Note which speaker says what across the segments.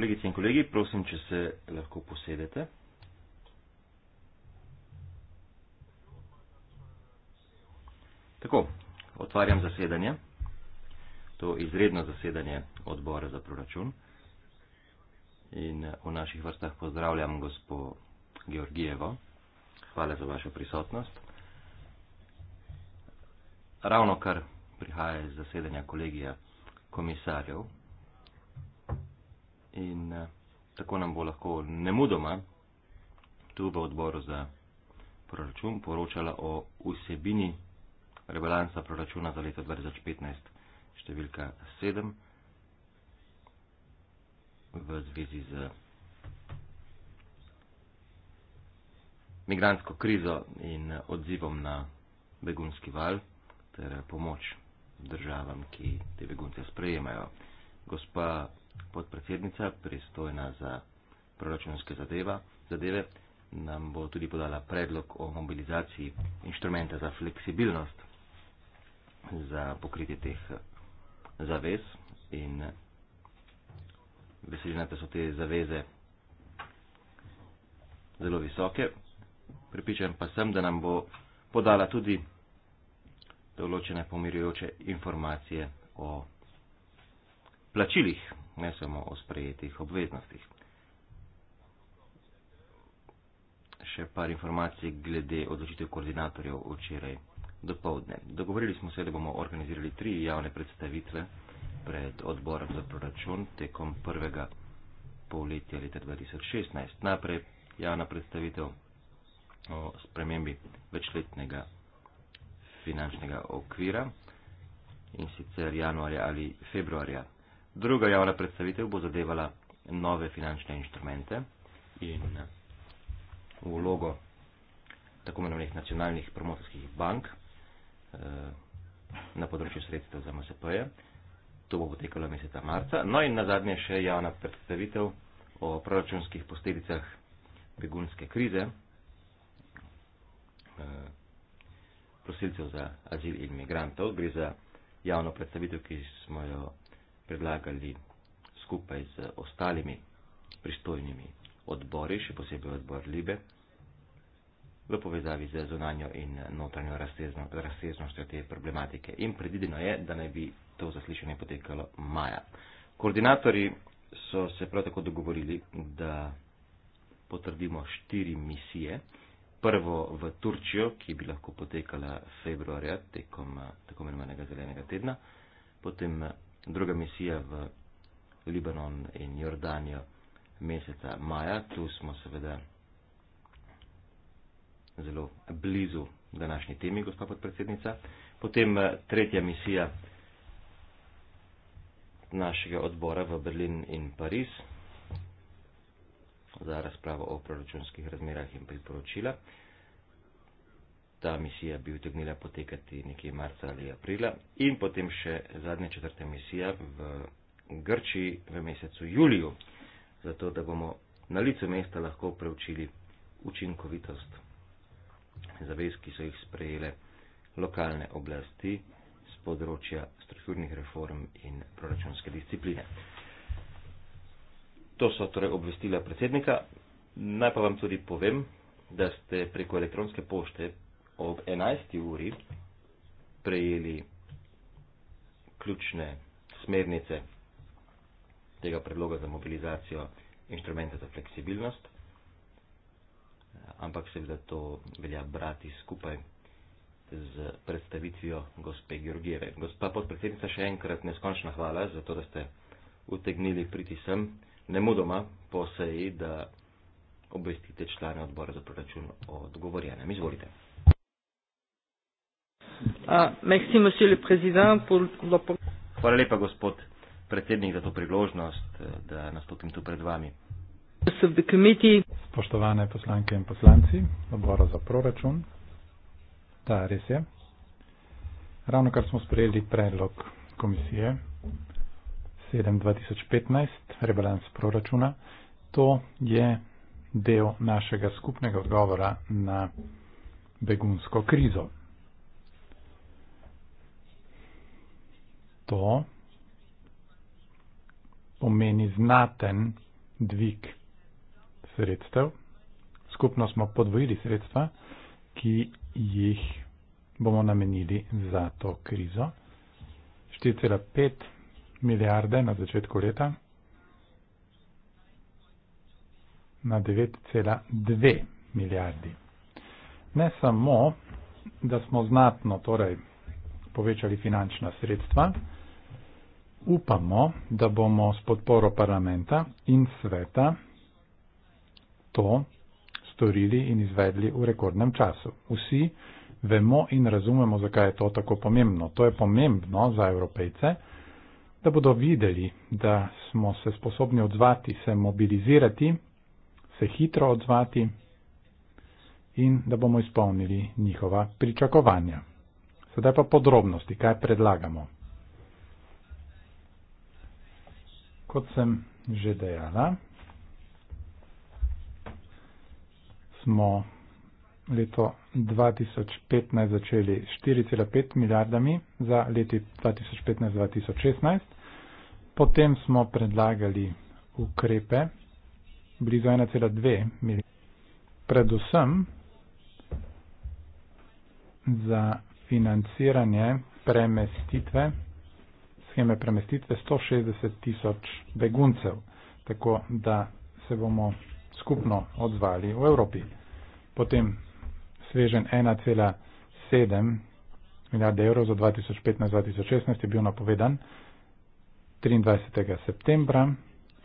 Speaker 1: Kolegice in kolegi, prosim, če se lahko posedete. Tako, otvarjam zasedanje, to izredno zasedanje odbora za proračun. In v naših vrstah pozdravljam gospo Georgijevo. Hvala za vašo prisotnost. Ravno kar prihaja iz zasedanja kolegija komisarjev in uh, tako nam bo lahko nemudoma tu v odboru za proračun poročala o vsebini rebalansa proračuna za leto 2015 številka 7 v zvezi z migransko krizo in eh, odzivom na begunski val ter eh, pomoč državam, ki te begunce sprejemajo. Gospa podpredsednica, pristojna za proračunske zadeva, zadeve, nam bo tudi podala predlog o mobilizaciji inštrumenta za fleksibilnost za pokritje teh zavez in veseljena, da so te zaveze zelo visoke. Pripričan pa sem, da nam bo podala tudi določene pomirjujoče informacije o plačilih, ne samo o sprejetih obveznostih. Še par informacij glede odločitev koordinatorjev včeraj do povdne. Dogovorili smo se, da bomo organizirali tri javne predstavitve pred odborom za proračun tekom prvega polletja leta 2016. Najprej javna predstavitev o spremembi večletnega finančnega okvira in sicer januarja ali februarja Druga javna predstavitev bo zadevala nove finančne inštrumente in vlogo tako imenovanih nacionalnih promotorskih bank eh, na področju sredstev za MSP-je. To bo potekalo meseca marca. No in na zadnje še javna predstavitev o proračunskih posledicah begunske krize, eh, prosilcev za azil in migrantov. Gre za javno predstavitev, ki smo jo predlagali skupaj z ostalimi pristojnimi odbori, še posebej odbor Libe, v povezavi z zonanjo in notranjo razsežnostjo te problematike. In predvideno je, da naj bi to zaslišanje potekalo maja. Koordinatori so se prav tako dogovorili, da potrdimo štiri misije. Prvo v Turčijo, ki bi lahko potekala februarja tekom tako imenovanega zelenega tedna, potem druga misija v Libanon in Jordanijo meseca maja. Tu smo seveda zelo blizu današnji temi, gospod podpredsednica. Potem eh, tretja misija našega odbora v Berlin in Pariz za razpravo o proračunskih razmerah in priporočila ta misija bi utegnila potekati nekje marca ali aprila in potem še zadnja četrta misija v Grčiji v mesecu juliju, zato da bomo na licu mesta lahko preučili učinkovitost zavez, ki so jih sprejele lokalne oblasti z področja strukturnih reform in proračunske discipline. To so torej obvestila predsednika. Naj pa vam tudi povem, da ste preko elektronske pošte ob 11. uri prejeli ključne smernice tega predloga za mobilizacijo inštrumenta za fleksibilnost, ampak seveda to velja brati skupaj z predstavitvijo gospe Georgijeve. Gospa podpredsednica, še enkrat neskončna hvala za to, da ste utegnili priti sem, ne mudoma po seji, da obvestite člane odbora za proračun o dogovorjenem. Izvolite. Hvala. Euh, Hvala lepa, gospod predsednik, za to priložnost, eh, da nastopim tu pred vami.
Speaker 2: Spoštovane poslanke in poslanci odbora za proračun. Da, res je. Ravno kar smo sprejeli predlog komisije 7.2015, rebalans proračuna, to je del našega skupnega odgovora na begunsko krizo. to pomeni znaten dvig sredstev. Skupno smo podvojili sredstva, ki jih bomo namenili za to krizo. 4,5 milijarde na začetku leta na 9,2 milijardi. Ne samo, da smo znatno torej, povečali finančna sredstva, Upamo, da bomo s podporo parlamenta in sveta to storili in izvedli v rekordnem času. Vsi vemo in razumemo, zakaj je to tako pomembno. To je pomembno za evropejce, da bodo videli, da smo se sposobni odzvati, se mobilizirati, se hitro odzvati in da bomo izpolnili njihova pričakovanja. Sedaj pa podrobnosti, kaj predlagamo. Kot sem že dejala, smo leto 2015 začeli 4,5 milijardami za leti 2015-2016. Potem smo predlagali ukrepe blizu 1,2 milijarde. Predvsem za financiranje premestitve sheme premestitve 160 tisoč beguncev, tako da se bomo skupno odzvali v Evropi. Potem svežen 1,7 milijarde evrov za 2015-2016 je bil napovedan 23. septembra.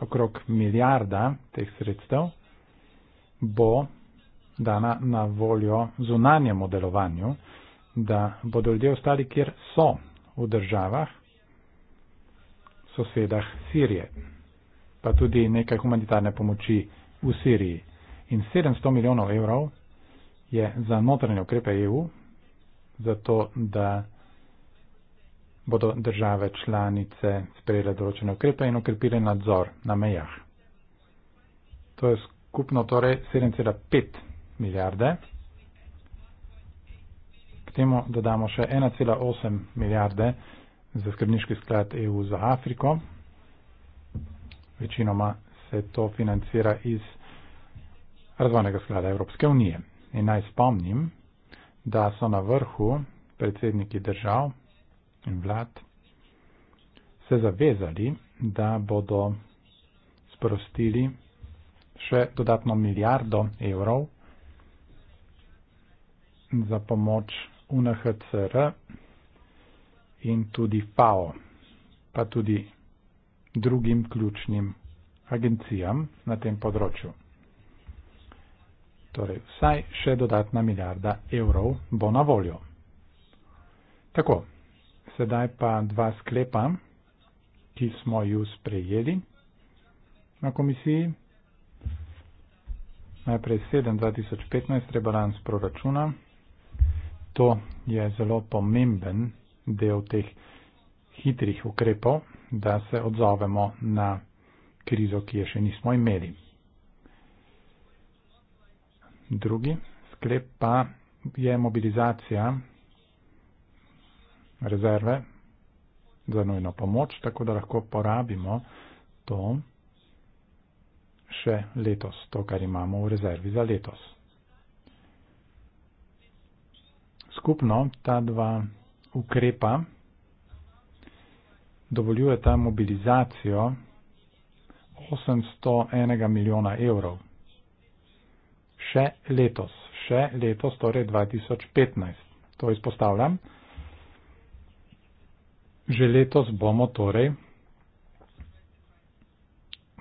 Speaker 2: Okrog milijarda teh sredstev bo dana na voljo zunanjemu delovanju, da bodo ljudje ostali, kjer so v državah, sosedah Sirije, pa tudi nekaj humanitarne pomoči v Siriji. In 700 milijonov evrov je za notranje ukrepe EU, zato da bodo države članice sprejele določene ukrepe in okrepile nadzor na mejah. To je skupno torej 7,5 milijarde. K temu dodamo še 1,8 milijarde za skrbniški sklad EU za Afriko. Večinoma se to financira iz razvojnega sklada Evropske unije. In naj spomnim, da so na vrhu predsedniki držav in vlad se zavezali, da bodo sprostili še dodatno milijardo evrov za pomoč UNHCR in tudi FAO, pa tudi drugim ključnim agencijam na tem področju. Torej, vsaj še dodatna milijarda evrov bo na voljo. Tako, sedaj pa dva sklepa, ki smo ju sprejeli na komisiji. Najprej 7.2015 rebalans proračuna. To je zelo pomemben del teh hitrih ukrepov, da se odzovemo na krizo, ki je še nismo imeli. Drugi sklep pa je mobilizacija rezerve za nujno pomoč, tako da lahko porabimo to še letos, to, kar imamo v rezervi za letos. Skupno ta dva ukrepa, dovoljuje ta mobilizacijo 801 milijona evrov. Še letos, še letos, torej 2015. To izpostavljam. Že letos bomo torej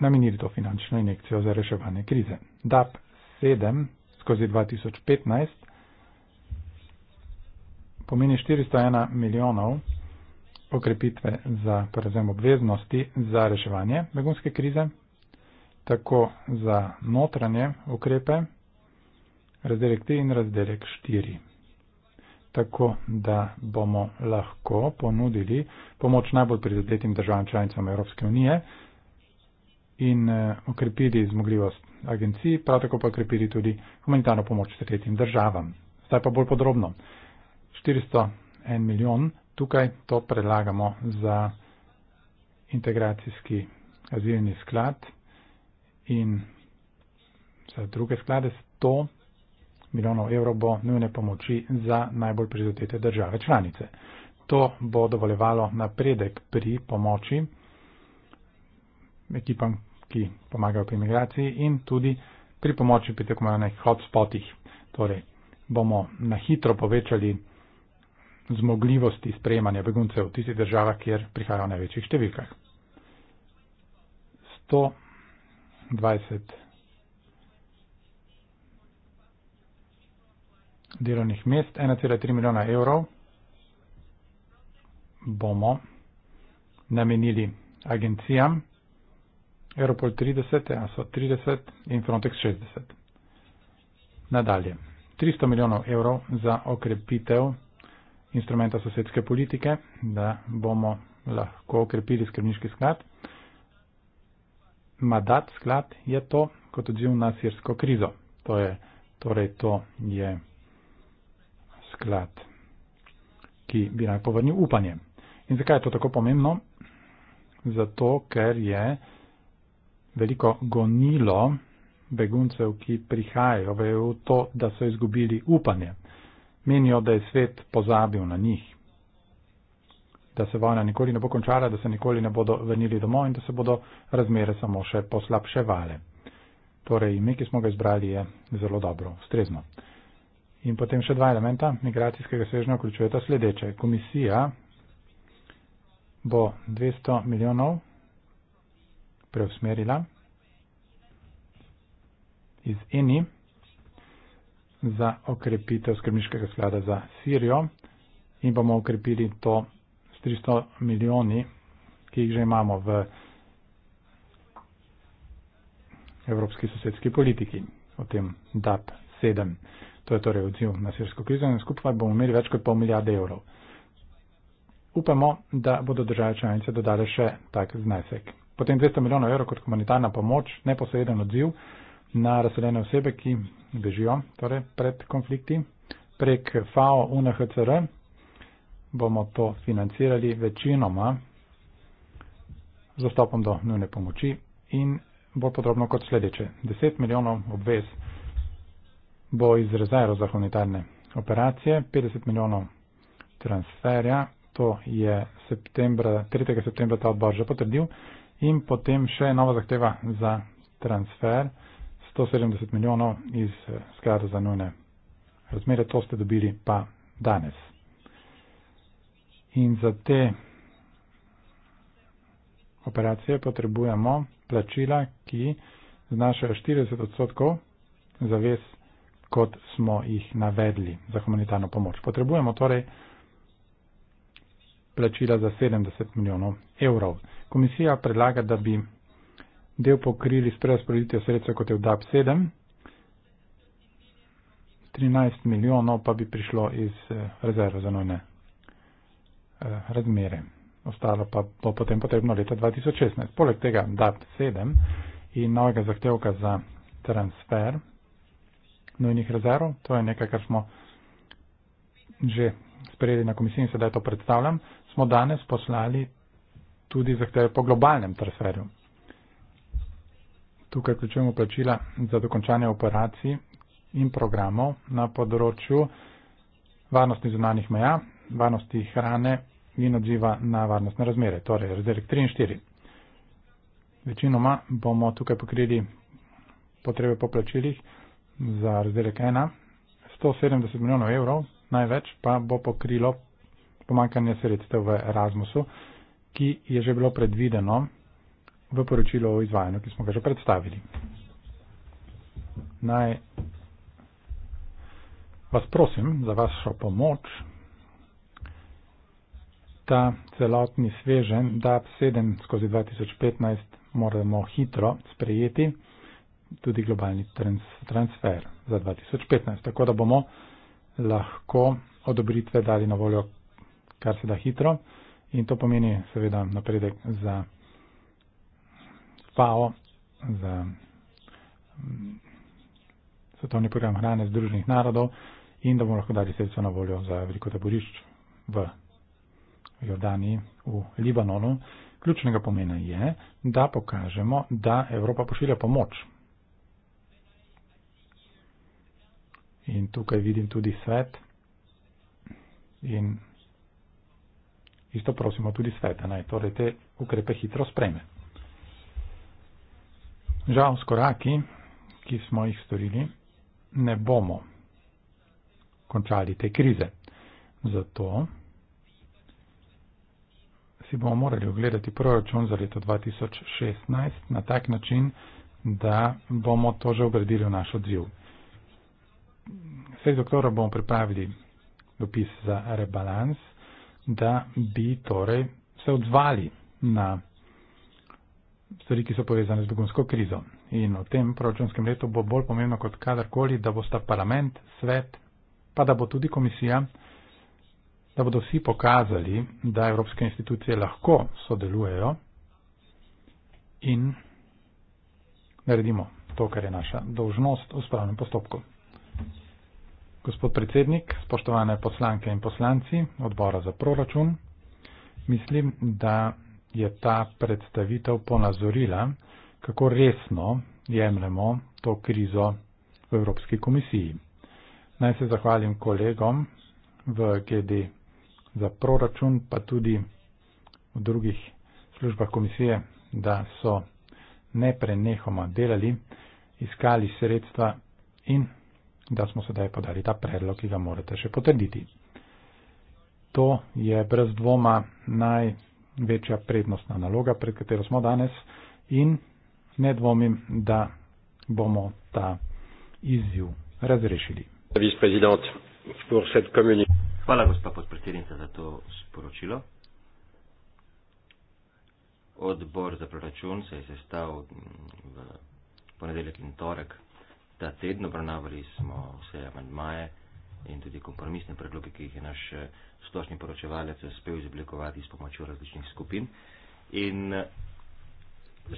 Speaker 2: namenili to finančno injekcijo za reševanje krize. DAP 7 skozi 2015 pomeni 401 milijonov okrepitve za prevzem torej obveznosti za reševanje begunske krize, tako za notranje ukrepe, razdelek 3 in razdelek 4. Tako da bomo lahko ponudili pomoč najbolj prizadetim državam članicam Evropske unije in eh, okrepili zmogljivost agencij, prav tako pa okrepili tudi humanitarno pomoč tretjim državam. Zdaj pa bolj podrobno. 401 milijon, tukaj to predlagamo za integracijski azilni sklad in za druge sklade 100 milijonov evrov bo nujne pomoči za najbolj prizadete države članice. To bo dovoljevalo napredek pri pomoči ekipam, ki pomagajo pri imigraciji in tudi pri pomoči pri tako imenovanih hotspotih. Torej, bomo na hitro povečali zmogljivosti sprejemanja beguncev v tistih državah, kjer prihajajo v največjih številkah. 120 delovnih mest, 1,3 milijona evrov bomo namenili agencijam Europol 30, ASO 30 in Frontex 60. Nadalje, 300 milijonov evrov za okrepitev instrumenta sosedske politike, da bomo lahko okrepili skrbniški sklad. Madat sklad je to kot odziv na sirsko krizo. To je, torej to je sklad, ki bi naj povrnil upanje. In zakaj je to tako pomembno? Zato, ker je veliko gonilo beguncev, ki prihajajo v EU, to, da so izgubili upanje menijo, da je svet pozabil na njih, da se vojna nikoli ne bo končala, da se nikoli ne bodo vrnili domov in da se bodo razmere samo še poslabševale. Torej, ime, ki smo ga izbrali, je zelo dobro, ustrezno. In potem še dva elementa migracijskega svežnja vključujeta sledeče. Komisija bo 200 milijonov preusmerila iz eni za okrepitev skrbniškega sklada za Sirijo in bomo okrepili to s 300 milijoni, ki jih že imamo v evropski sosedski politiki, o tem DAP 7. To je torej odziv na sirsko krizo in skupaj bomo imeli več kot pol milijarde evrov. Upamo, da bodo države članice dodale še tak znesek. Potem 200 milijonov evrov kot humanitarna pomoč, neposreden odziv na razseljene osebe, ki bežijo torej, pred konflikti. Prek FAO UNHCR bomo to financirali večinoma z dostopom do nujne pomoči in bolj podrobno kot sledeče. 10 milijonov obvez bo iz rezerv za humanitarne operacije, 50 milijonov transferja, to je septembra, 3. septembra ta odbor že potrdil in potem še nova zahteva za transfer. 170 milijonov iz eh, sklada za nujne razmere, to ste dobili pa danes. In za te operacije potrebujemo plačila, ki znašajo 40 odstotkov zavez, kot smo jih navedli za humanitarno pomoč. Potrebujemo torej plačila za 70 milijonov evrov. Komisija predlaga, da bi del pokrili s prerazporeditev sredstev, kot je v DAP 7, 13 milijonov pa bi prišlo iz eh, rezerve za nojne eh, razmere. Ostalo pa bo potem potrebno leta 2016. Poleg tega DAP 7 in novega zahtevka za transfer nojnih rezerv, to je nekaj, kar smo že sprejeli na komisiji in sedaj to predstavljam, smo danes poslali tudi zahteve po globalnem transferju. Tukaj vključujemo plačila za dokončanje operacij in programov na področju varnosti zunanih meja, varnosti hrane in odziva na varnostne razmere, torej rezerv 3 in 4. Večinoma bomo tukaj pokrili potrebe po plačilih za razdelek 1, 170 milijonov evrov, največ pa bo pokrilo pomankanje sredstev v Erasmusu, ki je že bilo predvideno v poročilo o izvajanju, ki smo ga že predstavili. Naj vas prosim za vašo pomoč, ta celotni svežen DAP 7 skozi 2015 moramo hitro sprejeti tudi globalni transfer za 2015, tako da bomo lahko odobritve dali na voljo kar se da hitro in to pomeni seveda napredek za FAO, za mm, svetovni program hrane Združenih narodov in da bomo lahko dali sredstva na voljo za veliko taborišč v Jordaniji, v Libanonu. Ključnega pomena je, da pokažemo, da Evropa pošilja pomoč. In tukaj vidim tudi svet in isto prosimo tudi svet, da naj torej te ukrepe hitro spremeni. Žal, s koraki, ki smo jih storili, ne bomo končali te krize. Zato si bomo morali ogledati proračun za leto 2016 na tak način, da bomo to že obredili v naš odziv. 6. oktobra bomo pripravili dopis za rebalans, da bi torej se odzvali na stvari, ki so povezane z begunsko krizo. In v tem proračunskem letu bo bolj pomembno kot kadarkoli, da bosta parlament, svet, pa da bo tudi komisija, da bodo vsi pokazali, da evropske institucije lahko sodelujejo in naredimo to, kar je naša dolžnost v spravnem postopku. Gospod predsednik, spoštovane poslanke in poslanci odbora za proračun, mislim, da je ta predstavitev ponazorila, kako resno jemljemo to krizo v Evropski komisiji. Naj se zahvalim kolegom v GD za proračun, pa tudi v drugih službah komisije, da so neprenehoma delali, iskali sredstva in da smo sedaj podali ta predlog, ki ga morate še potrditi. To je brez dvoma naj večja prednostna naloga, pred katero smo danes in ne dvomim, da bomo ta izziv razrešili.
Speaker 1: Hvala, gospod podpredsednica, za to sporočilo. Odbor za proračun se je sestal v ponedeljek in torek. Ta teden obravnavali smo vse amandmaje in tudi kompromisne predloge, ki jih je naš eh, splošni poročevalec uspel izoblikovati s pomočjo različnih skupin. In eh,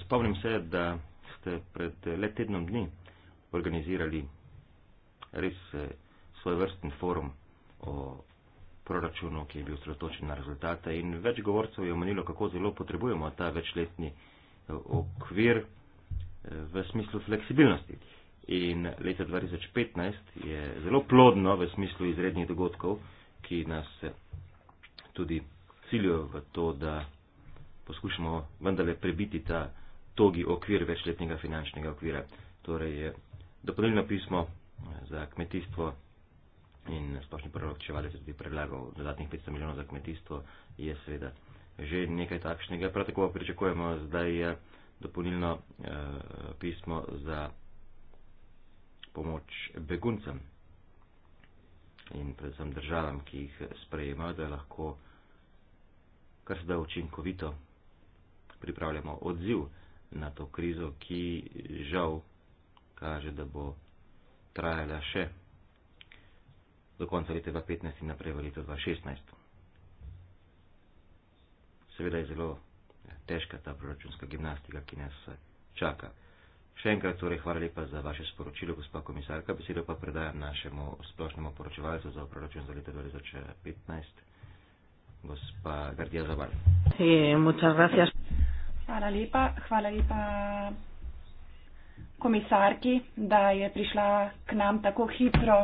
Speaker 1: spomnim se, da ste pred eh, let tednom dni organizirali res svoj vrsten forum o proračunu, ki je bil sredotočen na rezultate in več govorcev je omenilo, kako zelo potrebujemo ta večletni okvir v smislu fleksibilnosti in leta 2015 je zelo plodno v smislu izrednih dogodkov, ki nas tudi ciljajo v to, da poskušamo vendarle prebiti ta togi okvir večletnega finančnega okvira. Torej je dopolnilno pismo eh, za kmetijstvo in splošni prorok Čevalec je tudi predlagal dodatnih 500 milijonov za kmetijstvo, je seveda že nekaj takšnega. Prav tako pričakujemo zdaj eh, dopolnilno eh, pismo za pomoč beguncem in predvsem državam, ki jih sprejemajo, da lahko kar se da učinkovito pripravljamo odziv na to krizo, ki žal kaže, da bo trajala še do konca leta 2015 in naprej v leto 2016. Seveda je zelo eh, težka ta proračunska gimnastika, ki nas eh, čaka. Še enkrat torej hvala lepa za vaše sporočilo, gospod komisarka. Besedo pa predajam našemu splošnemu poročevalcu za proračun za leto 2015, gospa Gardija Zabal.
Speaker 3: Hvala lepa, hvala lepa komisarki, da je prišla k nam tako hitro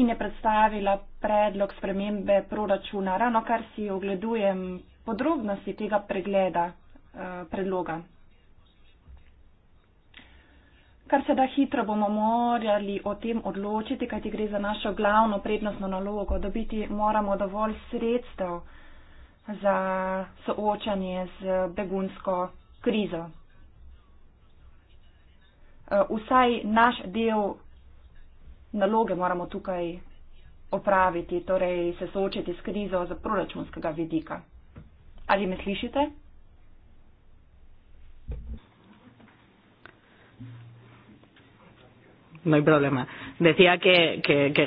Speaker 3: in je predstavila predlog spremembe proračuna. Ravno kar si ogledujem podrobnosti tega pregleda eh, predloga kar se da hitro bomo morali o tem odločiti, kajti gre za našo glavno prednostno nalogo. Dobiti moramo dovolj sredstev za soočanje z begunsko krizo. E, vsaj naš del naloge moramo tukaj opraviti, torej se soočiti s krizo z proračunskega vidika. Ali me slišite? no hay problema. Decía que. que, que...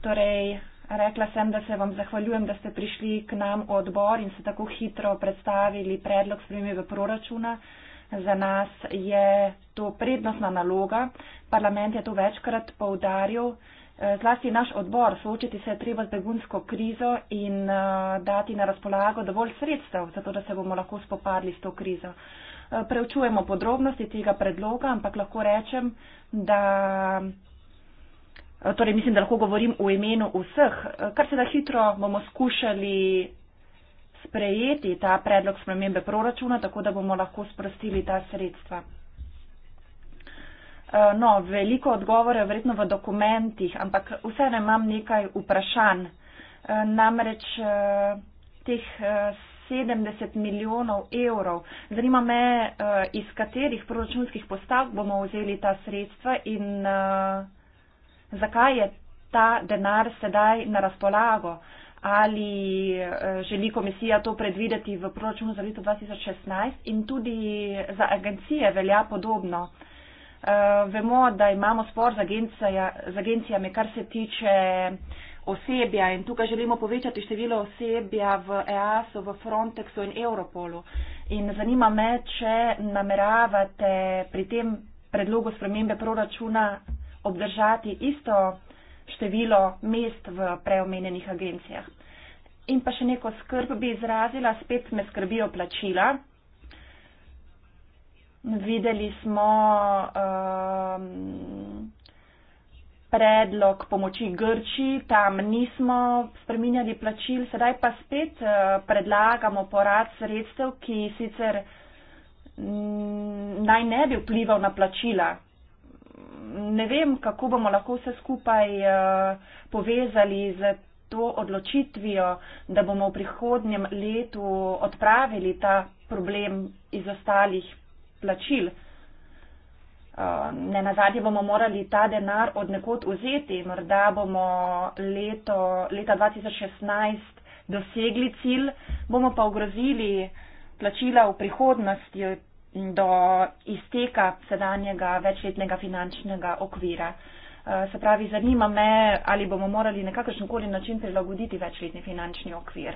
Speaker 3: Torej, rekla sem, da se vam zahvaljujem, da ste prišli k nam v odbor in se tako hitro predstavili predlog spremembe proračuna. Za nas je to prednostna naloga. Parlament je to večkrat poudaril. Eh, zlasti naš odbor, soočiti se je treba z begunsko krizo in eh, dati na razpolago dovolj sredstev, zato da se bomo lahko spopadli s to krizo. Eh, preučujemo podrobnosti tega predloga, ampak lahko rečem, da. Eh, torej, mislim, da lahko govorim v imenu vseh. Eh, kar se da hitro bomo skušali sprejeti ta predlog spremembe proračuna, tako da bomo lahko sprostili ta sredstva. No, veliko odgovore je verjetno v dokumentih, ampak vseeno imam nekaj vprašanj. Namreč teh 70 milijonov evrov. Zanima me, eh, iz katerih proračunskih postavk bomo vzeli ta sredstva in eh, zakaj je ta denar sedaj na razpolago. Ali eh, želi komisija to predvideti v proračunu za leto 2016 in tudi za agencije velja podobno. Vemo, da imamo spor z, agencija, z agencijami, kar se tiče osebja in tukaj želimo povečati število osebja v EASO, v Frontexu in Europolu. In zanima me, če nameravate pri tem predlogu spremembe proračuna obdržati isto število mest v preomenjenih agencijah. In pa še neko skrb bi izrazila, spet me skrbijo plačila. Videli smo um, predlog pomoči Grči, tam nismo spreminjali plačil, sedaj pa spet eh, predlagamo porad sredstev, ki sicer mm, naj ne bi vplival na plačila. Ne vem, kako bomo lahko vse skupaj eh, povezali z to odločitvijo, da bomo v prihodnjem letu odpravili ta problem iz ostalih plačil. Ne nazadnje bomo morali ta denar od nekod vzeti. Morda bomo leto, leta 2016 dosegli cilj, bomo pa ogrozili plačila v prihodnosti do izteka sedanjega večletnega finančnega okvira. Eh, se pravi, zanima me, ali bomo morali nekakšen koli način prilagoditi večletni finančni okvir.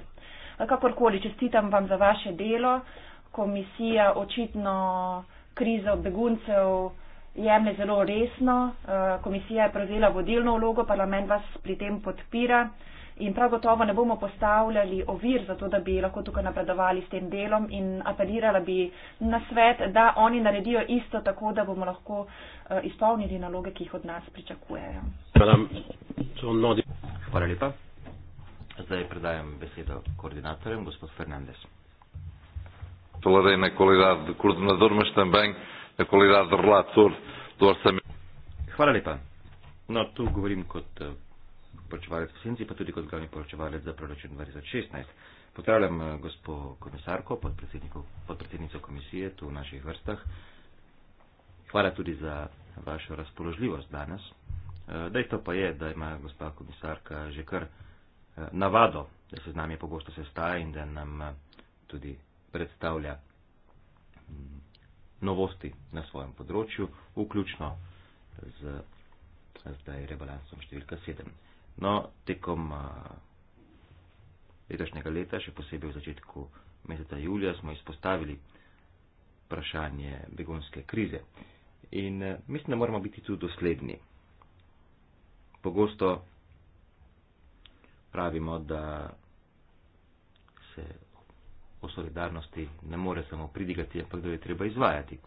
Speaker 3: Eh, kakorkoli, čestitam vam za vaše delo. Komisija očitno krizo beguncev jemlje zelo resno. Eh, komisija je prevzela vodilno vlogo, parlament vas pri tem podpira in prav gotovo ne bomo postavljali ovir za to, da bi lahko tukaj napredovali s tem delom in apelirala bi na svet, da oni naredijo isto tako, da bomo lahko eh, izpolnili naloge, ki jih od nas pričakujejo.
Speaker 1: Hvala lepa. Zdaj predajam besedo koordinatorjem, gospod Fernandez. Tolerejne koordinator Mestan Bank na qualidade de relator do orçamento. Hvala lepa. No, tu govorim kot eh, poročevalec posljednici, pa tudi kot glavni poročevalec za proračun 2016. Pozdravljam eh, gospo komisarko, podpredsednico komisije tu v naših vrstah. Hvala tudi za vašo razpoložljivost danes. Eh, dejstvo pa je, da ima gospa komisarka že kar navado, da se z nami pogosto sestaja in da nam tudi predstavlja mm, novosti na svojem področju, vključno z zdaj rebalansom številka 7. No, tekom letošnjega leta, še posebej v začetku meseca julija, smo izpostavili vprašanje begonske krize. In mislim, da moramo biti tu dosledni. Pogosto pravimo, da o solidarnosti ne more samo pridigati, ampak da jo je treba izvajati.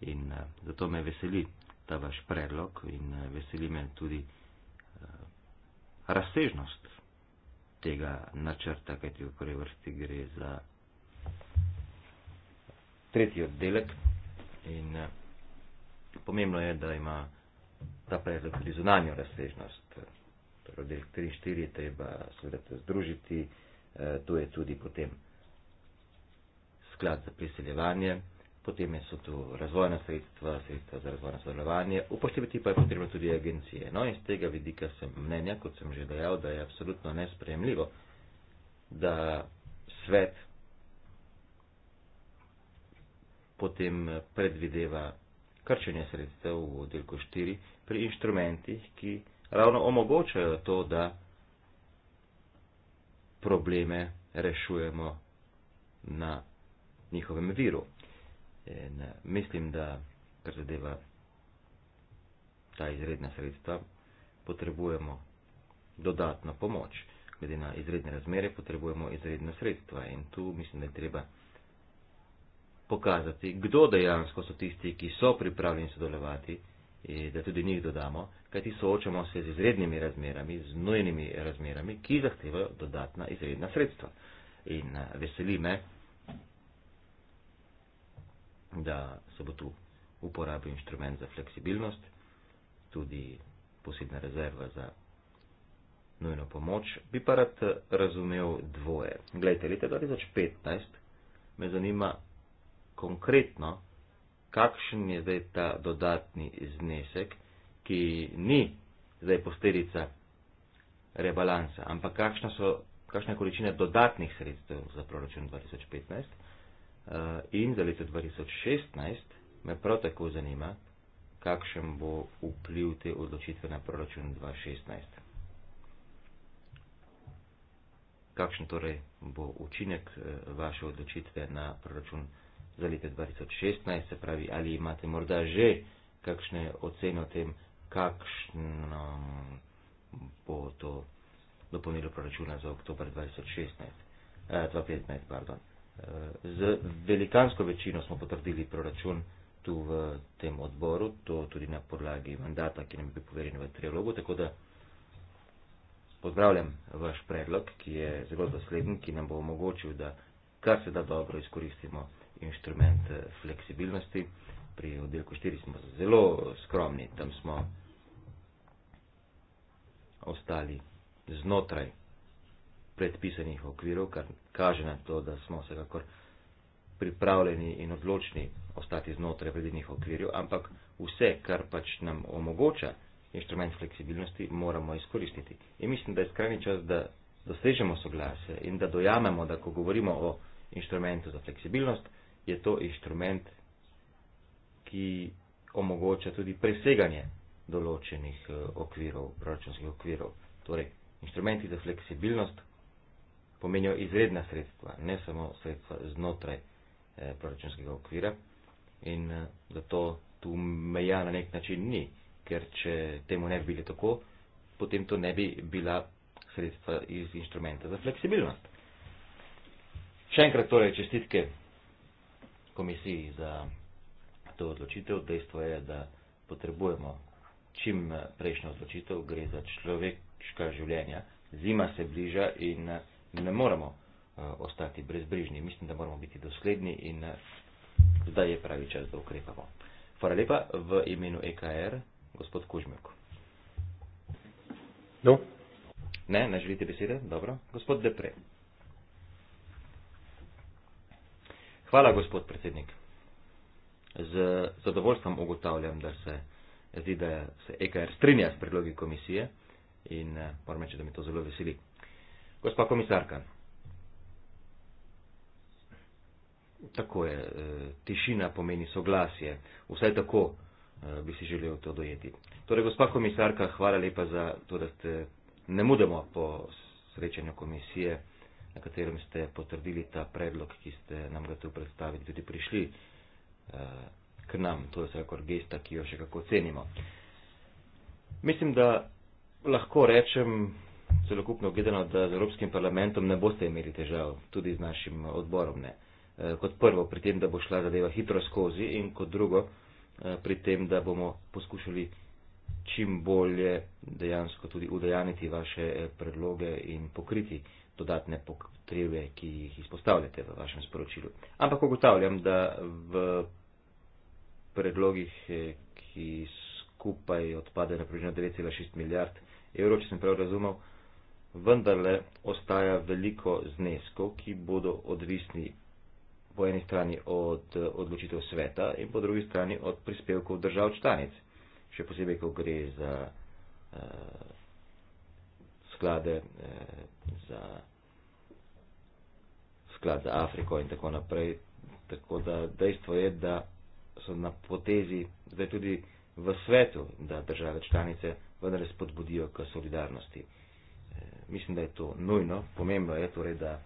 Speaker 1: In eh, zato me veseli ta vaš predlog in eh, veseli me tudi eh, razsežnost tega načrta, kajti v prvi vrsti gre za tretji oddelek. In pomembno je, da ima ta predlog tudi zunanjo razsežnost. Torej, oddelek 3 in 4 je treba seveda združiti, to je tudi potem sklad za priseljevanje, potem so tu razvojna sredstva, sredstva za razvojno sodelovanje, upoštevati pa je potrebno tudi agencije. No in z tega vidika sem mnenja, kot sem že dejal, da je absolutno nespremljivo, da svet potem predvideva krčenje sredstev v oddelku 4 pri inštrumentih, ki ravno omogočajo to, da probleme rešujemo na njihovem viru. In eh, mislim, da kar zadeva ta izredna sredstva, potrebujemo dodatno pomoč. Glede na izredne razmere potrebujemo izredna sredstva in tu mislim, da je treba pokazati, kdo dejansko so tisti, ki so pripravljeni sodelovati, da tudi njih dodamo, kajti soočamo se z izrednimi razmerami, z nujnimi razmerami, ki zahtevajo dodatna izredna sredstva. In eh, veseli me, da se bo tu uporabil inštrument za fleksibilnost, tudi posebna rezerva za nujno pomoč. Bi pa rad razumel dvoje. Glejte, leta 2015 me zanima konkretno, kakšen je zdaj ta dodatni znesek, ki ni zdaj posledica rebalansa, ampak kakšna so. Kakšna količina dodatnih sredstev za proračun 2015? Eh, in za leto 2016 me prav tako zanima, kakšen bo vpliv te odločitve na proračun 2016. Kakšen torej bo učinek eh, vaše odločitve na proračun za leto 2016, se pravi, ali imate morda že kakšne ocene o tem, kakšno bo to dopolnilo proračuna za oktober 2016, eh, 2015. Pardon. Z velikansko večino smo potrdili proračun tu v tem odboru, to tudi na podlagi mandata, ki nam je bil poverjen v trilogu, tako da pozdravljam vaš predlog, ki je zelo dosleden, ki nam bo omogočil, da kar se da dobro izkoristimo inštrument eh, fleksibilnosti. Pri oddelku 4 smo zelo skromni, tam smo ostali znotraj predpisanih okvirov, kar kaže na to, da smo vsekakor pripravljeni in odločni ostati znotraj predvidenih okvirjev, ampak vse, kar pač nam omogoča inštrument fleksibilnosti, moramo izkoristiti. In mislim, da je skrajni čas, da dosežemo soglase in da dojamemo, da ko govorimo o inštrumentu za fleksibilnost, je to inštrument, ki omogoča tudi preseganje določenih eh, okvirov, proračunskih okvirov. Torej, inštrumenti za fleksibilnost, spomenjal izredna sredstva, ne samo sredstva znotraj eh, proračunskega okvira in eh, zato tu meja na nek način ni, ker če temu ne bi bilo tako, potem to ne bi bila sredstva iz inštrumenta za fleksibilnost. Še enkrat torej čestitke komisiji za to odločitev. Dejstvo je, da potrebujemo čim eh, prejšnjo odločitev, gre za človeška življenja. Zima se bliža in eh, ne moremo uh, ostati brezbrižni. Mislim, da moramo biti dosledni in uh, zdaj je pravi čas, da ukrepamo. Hvala lepa v imenu EKR, gospod Kužmjuk. No. Ne, ne želite besede? Dobro. Gospod Depre. Hvala, gospod predsednik. Z zadovoljstvom ugotavljam, da se zdi, da se EKR strinja s predlogi komisije in eh, moram reči, da mi to zelo veseli. Gospa komisarka. Tako je, e, tišina pomeni soglasje. Vsaj tako e, bi si želel to dojeti. Torej, gospa komisarka, hvala lepa za to, da ste ne mudemo po srečanju komisije, na katerem ste potrdili ta predlog, ki ste nam ga tu predstavili, tudi prišli e, k nam. To je vsekakor gesta, ki jo še kako cenimo. Mislim, da lahko rečem, celokupno gledano, da z Evropskim parlamentom ne boste imeli težav, tudi z našim odborom ne. Eh, kot prvo, pri tem, da bo šla zadeva hitro skozi in kot drugo, eh, pri tem, da bomo poskušali čim bolje dejansko tudi udejaniti vaše eh, predloge in pokriti dodatne potrebe, ki jih izpostavljate v vašem sporočilu. Ampak ugotavljam, da v predlogih, ki skupaj odpade na približno 9,6 milijard evrov, če sem prav razumel, vendarle ostaja veliko zneskov, ki bodo odvisni po eni strani od eh, odločitev sveta in po drugi strani od prispevkov držav članic. Še posebej, ko gre za eh, sklade, eh, za sklad za Afriko in tako naprej. Tako da dejstvo je, da so na potezi, da je tudi v svetu, da države članice vendar spodbudijo k solidarnosti mislim, da je to nujno. Pomembno je torej, da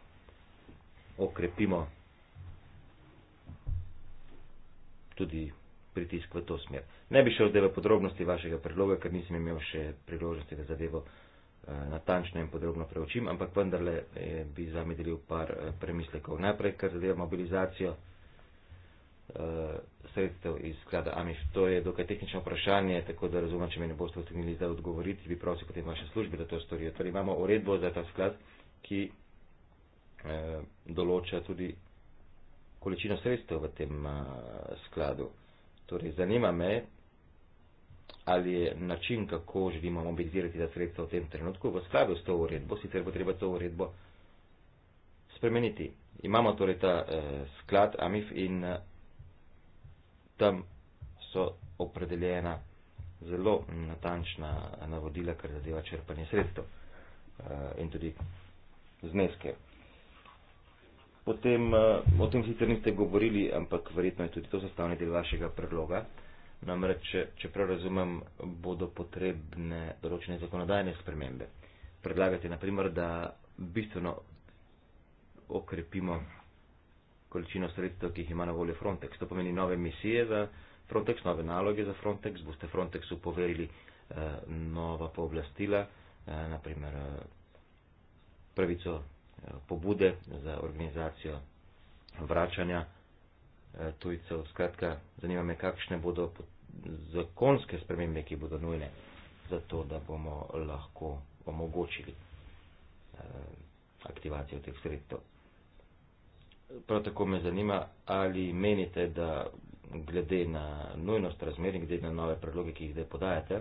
Speaker 1: okrepimo tudi pritisk v to smer. Ne bi šel zdaj v podrobnosti vašega predloga, ker nisem imel še priložnosti, da zadevo eh, natančno in podrobno preučim, ampak vendarle eh, bi zamedelil par eh, premislekov. Najprej, kar zadeva mobilizacijo. Eh, sredstev iz sklada AMIF. To je dokaj tehnično vprašanje, tako da razumem, če me ne boste ocenili zdaj odgovoriti, bi prosil potem vaše službe, da to storijo. Torej imamo uredbo za ta sklad, ki eh, določa tudi količino sredstev v tem eh, skladu. Torej zanima me, ali je način, kako želimo mobilizirati ta sredstva v tem trenutku v skladu s to uredbo, sicer bo treba to uredbo spremeniti. Imamo torej ta sklad AMIF in tam so opredeljena zelo natančna navodila, kar zadeva črpanje sredstev eh, in tudi zneske. Potem, eh, o tem sicer niste govorili, ampak verjetno je tudi to sestavni del vašega predloga. Namreč, če, če prav razumem, bodo potrebne določene zakonodajne spremembe. Predlagate, naprimer, da bistveno okrepimo količino sredstva, ki jih ima na voljo Frontex. To pomeni nove misije za Frontex, nove naloge za Frontex. Boste Frontexu poverili eh, nova pooblastila, eh, naprimer eh, pravico eh, pobude za organizacijo vračanja eh, tujcev. Skratka, zanima me, kakšne bodo zakonske spremembe, ki bodo nujne za to, da bomo lahko omogočili eh, aktivacijo teh sredstev. Prav tako me zanima, ali menite, da glede na nujnost razmer in glede na nove predloge, ki jih zdaj podajate,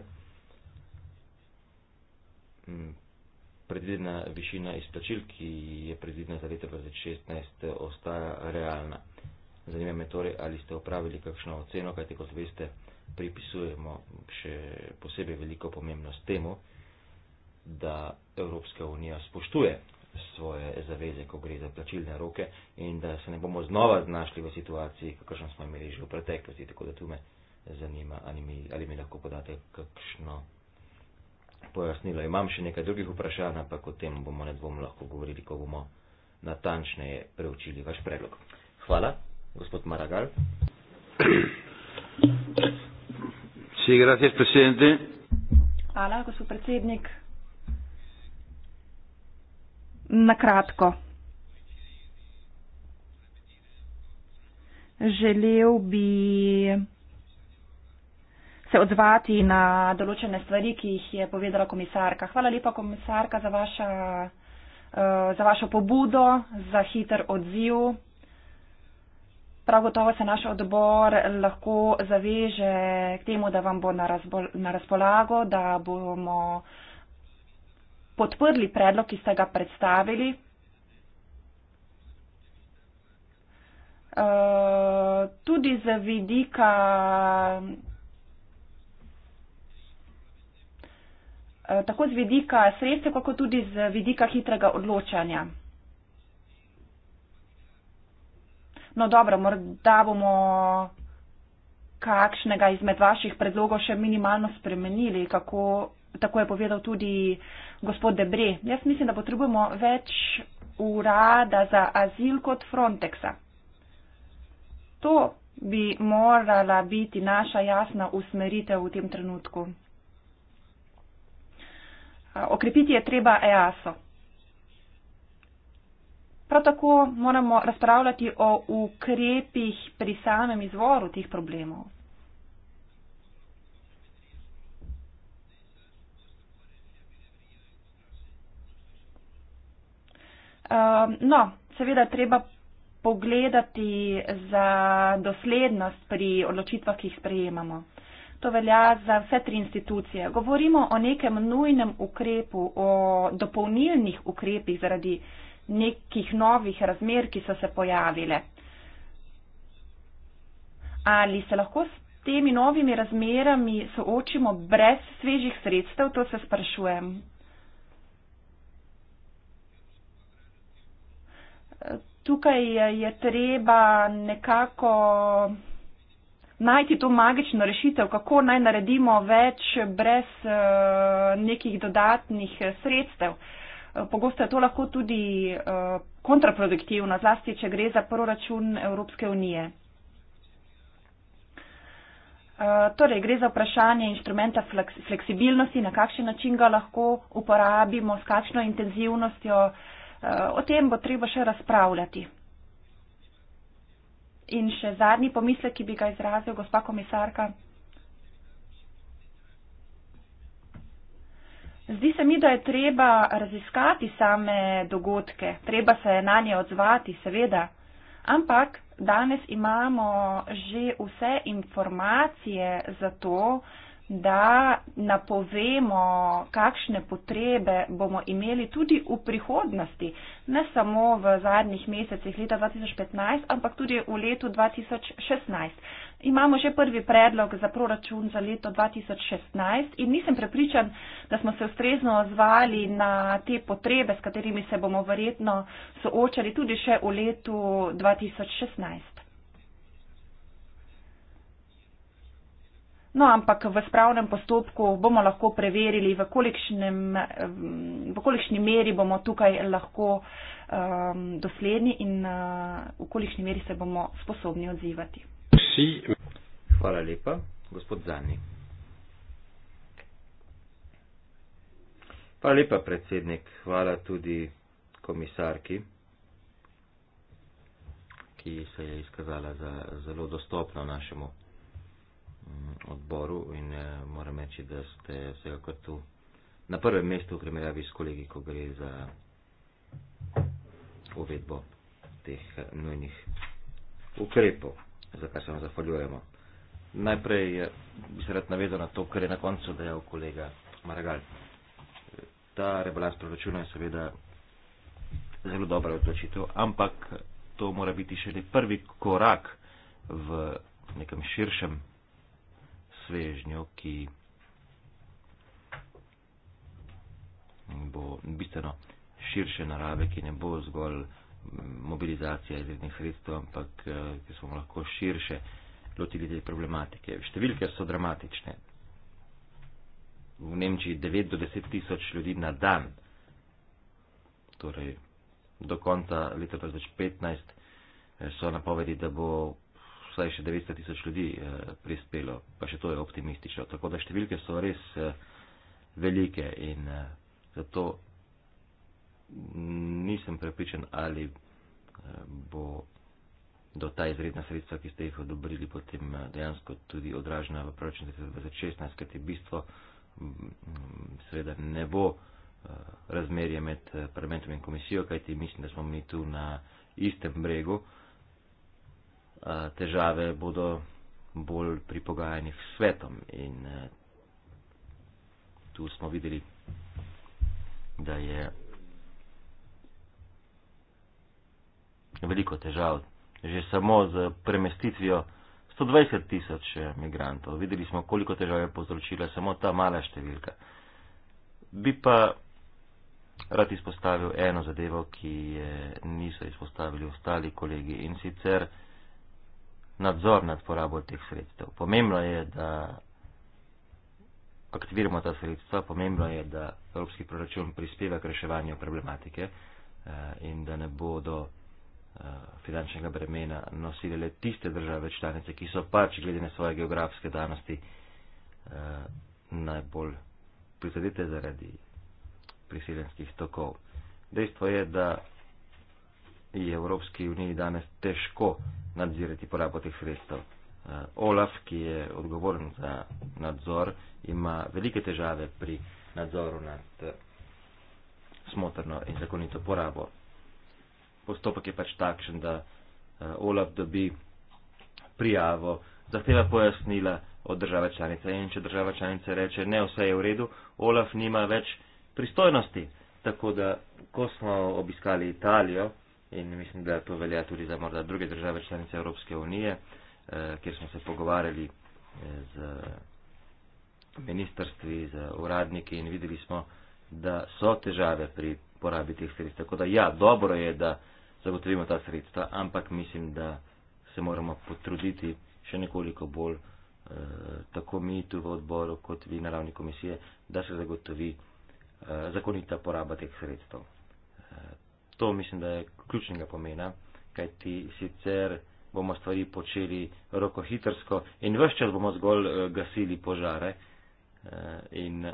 Speaker 1: predvidena višina izplačil, ki je predvidena za leto 2016, ostaja realna. Zanima me torej, ali ste upravili kakšno oceno, kajte kot veste, pripisujemo še posebej veliko pomembnost temu, da Evropska unija spoštuje svoje zaveze, ko gre za plačilne roke in da se ne bomo znova znašli v situaciji, kakršno smo imeli že v preteklosti. Tako da tu me zanima, ali mi, ali mi lahko podate kakšno pojasnilo. Imam še nekaj drugih vprašanj, ampak o tem bomo nedvomno lahko govorili, ko bomo natančneje preučili vaš predlog. Hvala, gospod Maragal.
Speaker 3: Sí, gracias, presidente. Hvala, gospod predsednik na kratko. Želel bi se odzvati na določene stvari, ki jih je povedala komisarka. Hvala lepa, komisarka, za, vaša, eh, za vašo pobudo, za hiter odziv. Prav gotovo se naš odbor lahko zaveže k temu, da vam bo na, razbol, na razpolago, da bomo uh, podprli predlog, ki ste ga predstavili. Eh, tudi za vidika eh, tako z vidika sredstev, kako tudi z vidika hitrega odločanja. No dobro, morda bomo kakšnega izmed vaših predlogov še minimalno spremenili, kako tako je povedal tudi gospod Debre. Jaz mislim, da potrebujemo več urada za azil kot Frontexa. To bi morala biti naša jasna usmeritev v tem trenutku. Okrepiti je treba EASO. Prav tako moramo razpravljati o ukrepih pri samem izvoru teh problemov. Um, no, seveda treba pogledati za doslednost pri odločitvah, ki jih sprejemamo. To velja za vse tri institucije. Govorimo o nekem nujnem ukrepu, o dopolnilnih ukrepih zaradi nekih novih razmer, ki so se pojavile. Ali se lahko s temi novimi razmerami soočimo brez svežih sredstev, to se sprašujem. tukaj je treba nekako najti to magično rešitev, kako naj naredimo več brez eh, nekih dodatnih sredstev. Eh, pogosto je to lahko tudi eh, kontraproduktivno, zlasti, če gre za proračun Evropske unije. Torej, gre za vprašanje inštrumenta fleksibilnosti, na kakšen način ga lahko uporabimo, s kakšno intenzivnostjo. Eh, o tem bo treba še razpravljati. In še zadnji pomislek, ki bi ga izrazil gospa komisarka. Zdi se mi, da je treba raziskati same dogodke, treba se na nje odzvati, seveda. Ampak danes imamo že vse informacije za to, da napovemo, kakšne potrebe bomo imeli tudi v prihodnosti, ne samo v zadnjih mesecih leta 2015, ampak tudi v letu 2016. Imamo že prvi predlog za proračun za leto 2016 in nisem prepričan, da smo se ustrezno ozvali na te potrebe, s katerimi se bomo verjetno soočali tudi še v letu 2016. No, ampak v spravnem postopku bomo lahko preverili, v, v kolikšni meri bomo tukaj lahko um, dosledni in uh, v kolikšni meri se bomo sposobni odzivati.
Speaker 1: Hvala lepa, gospod Zani. Hvala lepa, predsednik. Hvala tudi komisarki, ki se je izkazala za zelo dostopno našemu. Mm, odboru in eh, moram reči, da ste vsekakor tu na prvem mestu v primerjavi s kolegi, ko gre za uvedbo teh eh, nujnih ukrepov, za kar se vam zahvaljujemo. Najprej eh, bi se rad navezal na to, kar je na koncu dejal kolega Maragal. Ta rebalans proračuna je seveda zelo dobra odločitev, ampak to mora biti še le prvi korak v nekem širšem svežnju, ki bo bistveno širše narave, ki ne bo zgolj mm, mobilizacija izrednih sredstev, ampak eh, ki smo lahko širše lotili te problematike. Številke so dramatične. V Nemčiji 9 do 10 tisoč ljudi na dan, torej do konca leta 2015 eh, so napovedi, da bo vsaj še 900 tisoč ljudi eh, prispelo, pa še to je optimistično. Tako da številke so res eh, velike in eh, zato nisem prepričan, ali bo do ta izredna sredstva, ki ste jih odobrili, potem dejansko tudi odražena v proračun 2016, ker je bistvo mm, mm, seveda ne bo razmerje med parlamentom in komisijo, kajti mislim, da smo mi tu na istem bregu težave bodo bolj pri pogajanjih s svetom. In e, tu smo videli, da je veliko težav že samo z premestitvijo 120 tisoč e, migrantov. Videli smo, koliko težav je povzročila samo ta mala številka. Bi pa rad izpostavil eno zadevo, ki je niso izpostavili ostali kolegi in sicer nadzor nad porabo teh sredstev. Pomembno je, da aktiviramo ta sredstva, pomembno je, da evropski proračun prispeva k reševanju problematike eh, in da ne bodo eh, finančnega bremena nosile le tiste države članice, ki so pač glede na svoje geografske danosti eh, najbolj prizadete zaradi priseljenskih tokov. Dejstvo je, da i Europski uniji danes teško nadzirati porabo teh sredstev. Eh, Olaf, ki je odgovoren za nadzor, ima velike težave pri nadzoru nad eh, smotrno in zakonito porabo. Postopek je pač takšen, da eh, Olaf dobi prijavo, zahteva pojasnila od države članice in če država članice reče, ne vse je v redu, Olaf nima več pristojnosti. Tako da, ko smo obiskali Italijo, in mislim, da to velja tudi za morda druge države članice Evropske unije, eh, kjer smo se pogovarjali eh, z ministrstvi, z uradniki in videli smo, da so težave pri porabi teh sredstev. Tako da ja, dobro je, da zagotovimo ta sredstva, ampak mislim, da se moramo potruditi še nekoliko bolj, eh, tako mi tu v odboru, kot vi na ravni komisije, da se zagotovi zakonita poraba teh sredstev. To mislim, da je ključnega pomena, kaj ti sicer bomo stvari počeli rokohitrsko in vse čas bomo zgolj eh, gasili požare. Eh, in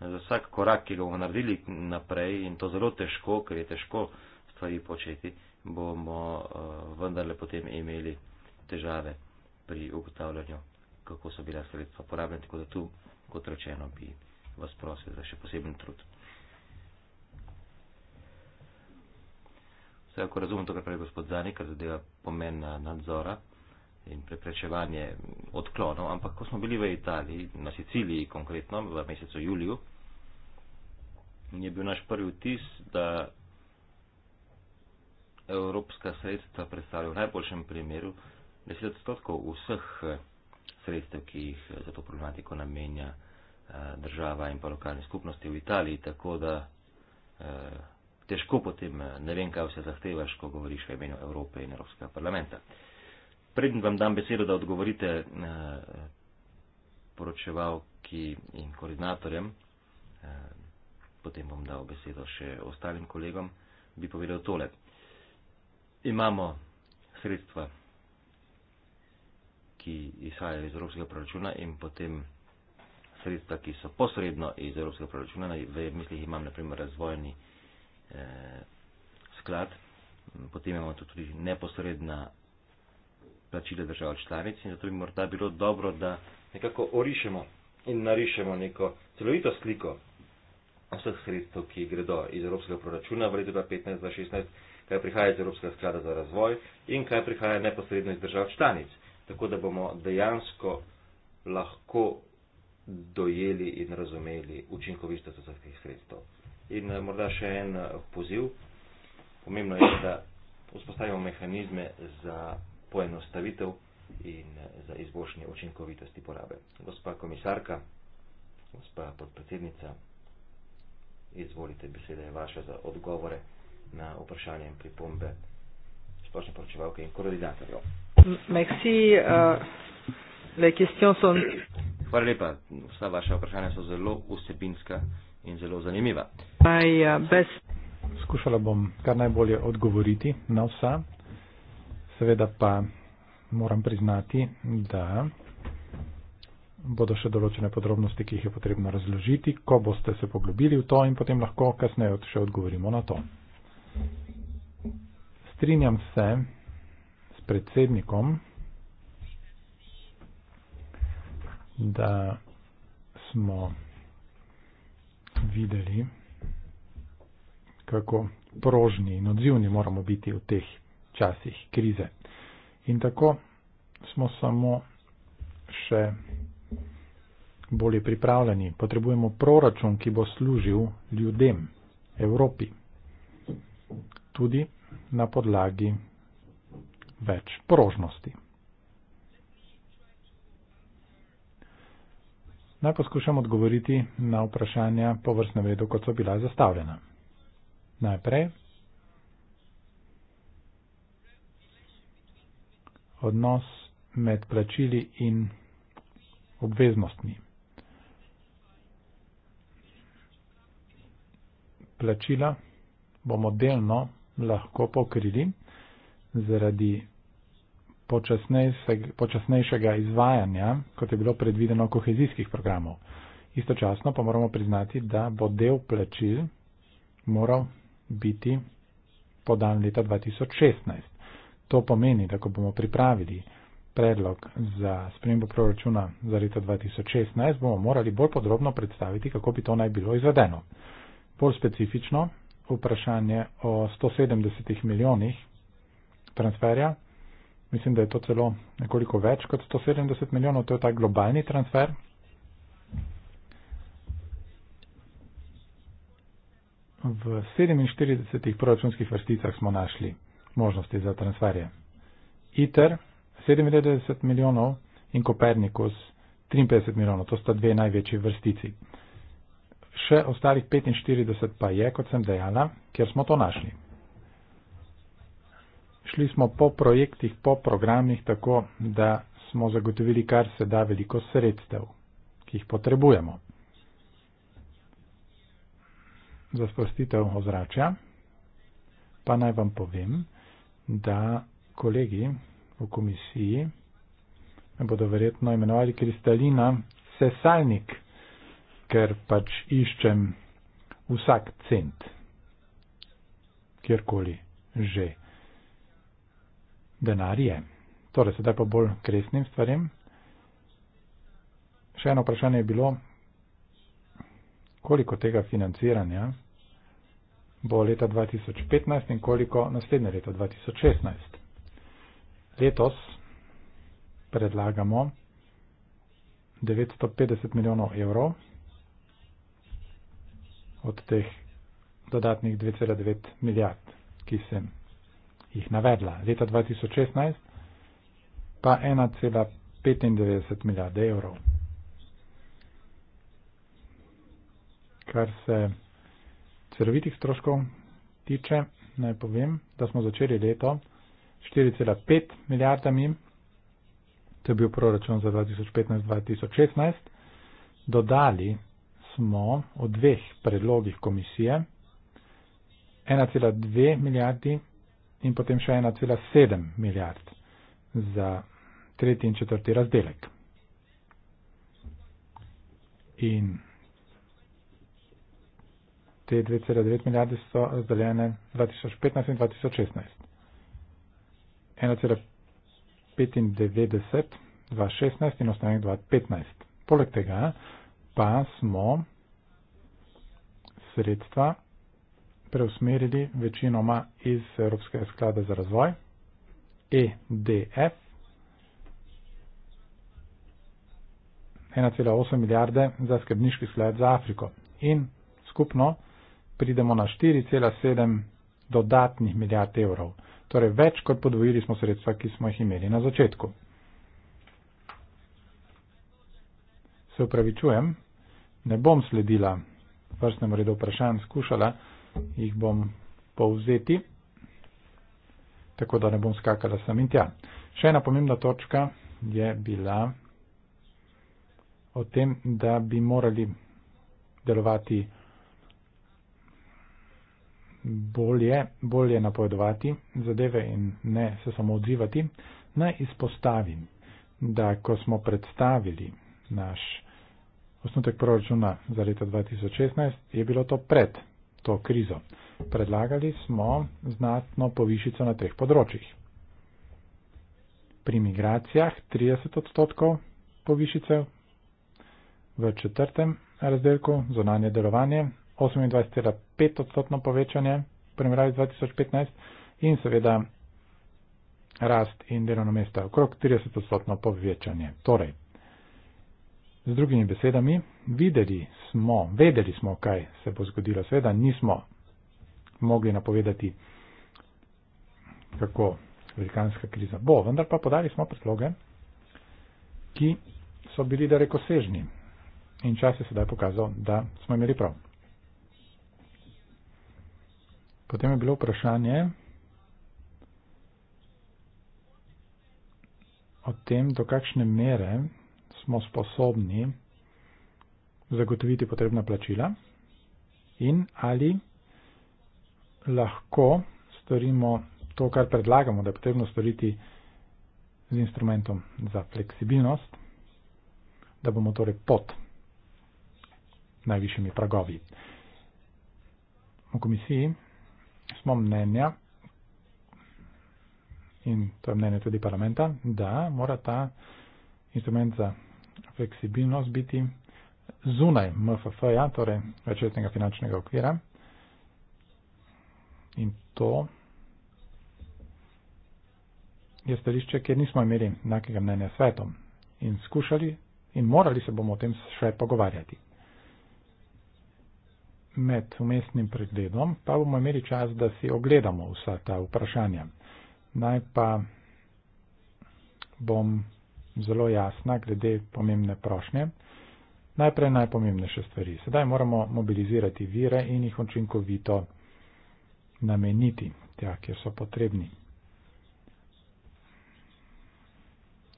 Speaker 1: za vsak korak, ki ga bomo naredili naprej, in to zelo težko, ker je težko stvari početi, bomo eh, vendarle potem imeli težave pri ugotavljanju, kako so bila sredstva porabljena. Tako da tu, kot rečeno, bi vas prosil za še poseben trud. tako razumem to, kar pravi gospod Zani, kar zadeva pomen eh, nadzora in preprečevanje odklonov, ampak ko smo bili v Italiji, na Siciliji konkretno, v mesecu juliju, je bil naš prvi vtis, da evropska sredstva predstavljajo v najboljšem primeru 10 odstotkov vseh eh, sredstev, ki jih eh, za to problematiko namenja država in pa lokalne skupnosti v Italiji, tako da težko potem eh, ne vem, kaj vse zahtevaš, ko govoriš v imenu Evrope in Evropskega parlamenta. Predn vam dam besedo, da odgovorite eh, poročevalki in koordinatorjem, eh, potem bom dal besedo še ostalim kolegom, bi povedal tole. Imamo sredstva, ki izhajajo iz Evropskega proračuna in potem sredstva, ki so posredno iz Evropskega proračuna, v mislih imam naprimer razvojni proračun, eh, sklad. Mm, potem imamo tudi neposredna plačila držav članic in zato bi morda bilo dobro, da nekako orišemo in narišemo neko celovito sliko vseh sredstev, ki gredo iz Evropskega proračuna v letu 2015-2016, kaj prihaja iz Evropskega sklada za razvoj in kaj prihaja neposredno iz držav članic, tako da bomo dejansko lahko dojeli in razumeli učinkovitost vseh teh sredstev. In eh, morda še en eh, poziv. Pomembno je, da vzpostavimo mehanizme za poenostavitev in eh, za izboljšanje učinkovitosti porabe. Gospa komisarka, gospa podpredsednica, izvolite, beseda je vaša za odgovore na vprašanje in pripombe splošne poročevalke in koordinatorjev. Merci, uh, le question son... Hvala lepa, vsa vaša vprašanja so zelo vsebinska in zelo zanimiva.
Speaker 2: I, uh, eh, best... Skušala bom kar najbolje odgovoriti na vsa. Seveda pa moram priznati, da bodo še določene podrobnosti, ki jih je potrebno razložiti, ko boste se poglobili v to in potem lahko kasneje še odgovorimo na to. Strinjam se s predsednikom, da smo videli, kako prožni in odzivni moramo biti v teh časih krize. In tako smo samo še bolje pripravljeni. Potrebujemo proračun, ki bo služil ljudem, Evropi, tudi na podlagi več prožnosti. naj poskušam odgovoriti na vprašanja po vrstnem redu, kot so bila zastavljena. Najprej. Odnos med plačili in obveznostmi. Plačila bomo delno lahko pokrili zaradi počasnejšega izvajanja, kot je bilo predvideno kohezijskih programov. Istočasno pa moramo priznati, da bo del plačil moral biti podan leta 2016. To pomeni, da ko bomo pripravili predlog za spremembo proračuna za leto 2016, bomo morali bolj podrobno predstaviti, kako bi to naj bilo izvedeno. Bolj specifično vprašanje o 170 milijonih transferja mislim, da je to celo nekoliko več kot 170 milijonov, to je ta globalni transfer. V 47 proračunskih vrsticah smo našli možnosti za transferje. ITER 97 milijonov in Kopernikus 53 milijonov, to sta dve največji vrstici. Še ostalih 45 pa je, kot sem dejala, kjer smo to našli. Šli smo po projektih, po programih tako, da smo zagotovili kar se da veliko sredstev, ki jih potrebujemo za sprostitev ozračja. Pa naj vam povem, da kolegi v komisiji me bodo verjetno imenovali kristalina sesalnik, ker pač iščem vsak cent, kjerkoli že denar je. Torej, sedaj pa bolj k resnim stvarem. Še eno vprašanje je bilo, koliko tega financiranja bo leta 2015 in koliko naslednje leto 2016. Letos predlagamo 950 milijonov evrov od teh dodatnih 2,9 milijard, ki sem jih navedla. Leta 2016 pa 1,95 milijarde evrov. Kar se celovitih stroškov tiče, naj povem, da smo začeli leto 4,5 milijardami, to je bil proračun za 2015-2016, dodali smo o dveh predlogih komisije 1,2 milijardi in potem še 1,7 milijard za tretji in četrti razdelek. In te 2,9 milijarde so razdeljene 2015 in 2016. 1,95, 2016 in ostanek 2015. Poleg tega pa smo sredstva preusmerili večinoma iz Evropskega sklada za razvoj, EDF, 1,8 milijarde za skrbniški sklad za Afriko. In skupno pridemo na 4,7 dodatnih milijard evrov. Torej več kot podvojili smo sredstva, ki smo jih imeli na začetku. Se upravičujem, ne bom sledila vrstnemu redu vprašanj, skušala jih bom povzeti, tako da ne bom skakala sem in tja. Še ena pomembna točka je bila o tem, da bi morali delovati bolje, bolje napovedovati zadeve in ne se samo odzivati. Naj izpostavim, da ko smo predstavili naš osnutek proračuna za leto 2016, je bilo to pred to krizo. Predlagali smo znatno povišico na treh področjih. Pri migracijah 30 odstotkov povišice, v četrtem razdelku zonanje delovanje 28,5 odstotno povečanje v primerjavi z 2015 in seveda rast in delovno mesto okrog 30 odstotno povečanje. Torej, Z drugimi besedami, videli smo, vedeli smo, kaj se bo zgodilo. Sveda nismo mogli napovedati, kako velikanska kriza bo, vendar pa podali smo predloge, ki so bili darekosežni. In čas je sedaj pokazal, da smo imeli prav. Potem je bilo vprašanje o tem, do kakšne mere smo sposobni zagotoviti potrebna plačila in ali lahko storimo to, kar predlagamo, da je potrebno storiti z instrumentom za fleksibilnost, da bomo torej pod najvišjimi pragovi. V komisiji smo mnenja in to je mnenje tudi parlamenta, da mora ta instrument za fleksibilnost biti zunaj MFF-ja, torej večletnega finančnega okvira. In to je stališče, kjer nismo imeli enakega mnenja s svetom in skušali in morali se bomo o tem še pogovarjati. Med umestnim pregledom pa bomo imeli čas, da si ogledamo vsa ta vprašanja. Naj pa bom zelo jasna glede pomembne prošnje. Najprej najpomembnejše stvari. Sedaj moramo mobilizirati vire in jih učinkovito nameniti tja, kjer so potrebni.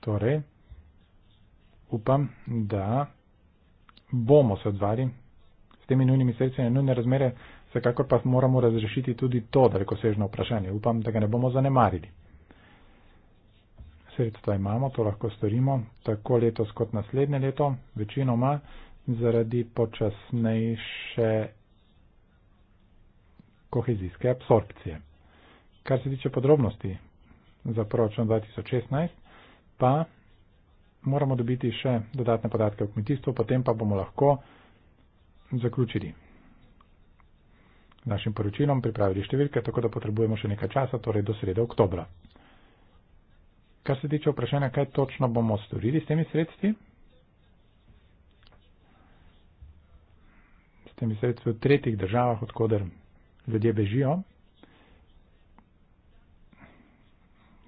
Speaker 2: Torej, upam, da bomo se odvali s temi nujnimi sredstvi in nujne razmere, vsekakor pa moramo razrešiti tudi to dalekosežno vprašanje. Upam, da ga ne bomo zanemarili sredstva imamo, to lahko storimo tako letos kot naslednje leto, večinoma zaradi počasnejše kohezijske absorpcije. Kar se tiče podrobnosti za proračun 2016, pa moramo dobiti še dodatne podatke o kmetijstvu, potem pa bomo lahko zaključili našim poročilom, pripravili številke, tako da potrebujemo še nekaj časa, torej do sredo oktobra. Kar se tiče vprašanja, kaj točno bomo storili s temi sredstvi? S temi sredstvi v tretjih državah, odkuder ljudje bežijo.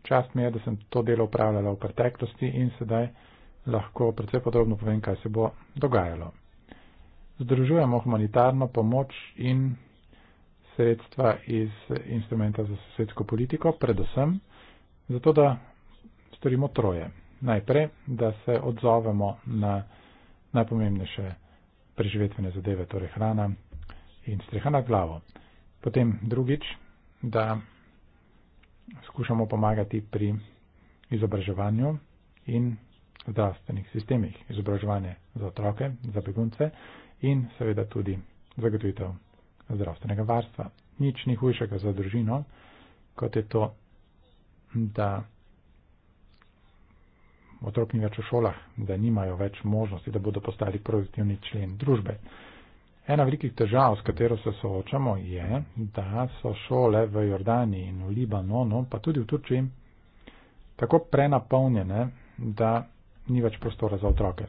Speaker 2: Čast mi je, da sem to delo upravljala v preteklosti in sedaj lahko predvsej podrobno povem, kaj se bo dogajalo. Združujemo humanitarno pomoč in sredstva iz instrumenta za sosedsko politiko, predvsem zato, da storimo troje. Najprej, da se odzovemo na najpomembnejše preživetvene zadeve, torej hrana in streha nad glavo. Potem drugič, da skušamo pomagati pri izobraževanju in zdravstvenih sistemih. Izobraževanje za otroke, za begunce in seveda tudi zagotovitev zdravstvenega varstva. Nič ni hujšega za družino, kot je to, da otrok ni več v šolah, da nimajo več možnosti, da bodo postali produktivni člen družbe. Ena velikih težav, s katero se soočamo, je, da so šole v Jordaniji in v Libanonu, pa tudi v Turčiji, tako prenapolnjene, da ni več prostora za otroke.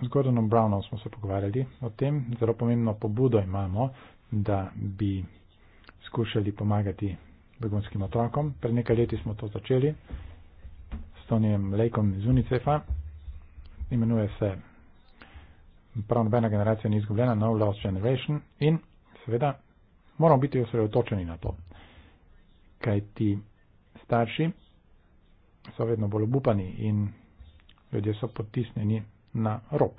Speaker 2: Z Gordonom Brownom smo se pogovarjali o tem, zelo pomembno pobudo imamo, da bi skušali pomagati begunskim otrokom. Pred nekaj leti smo to začeli Tonijem Lejkom iz UNICEF-a. Imenuje se Prav nobena generacija ni izgubljena, No Lost Generation. In seveda moramo biti osredotočeni na to. Kaj ti starši so vedno bolj obupani in ljudje so potisnjeni na rob.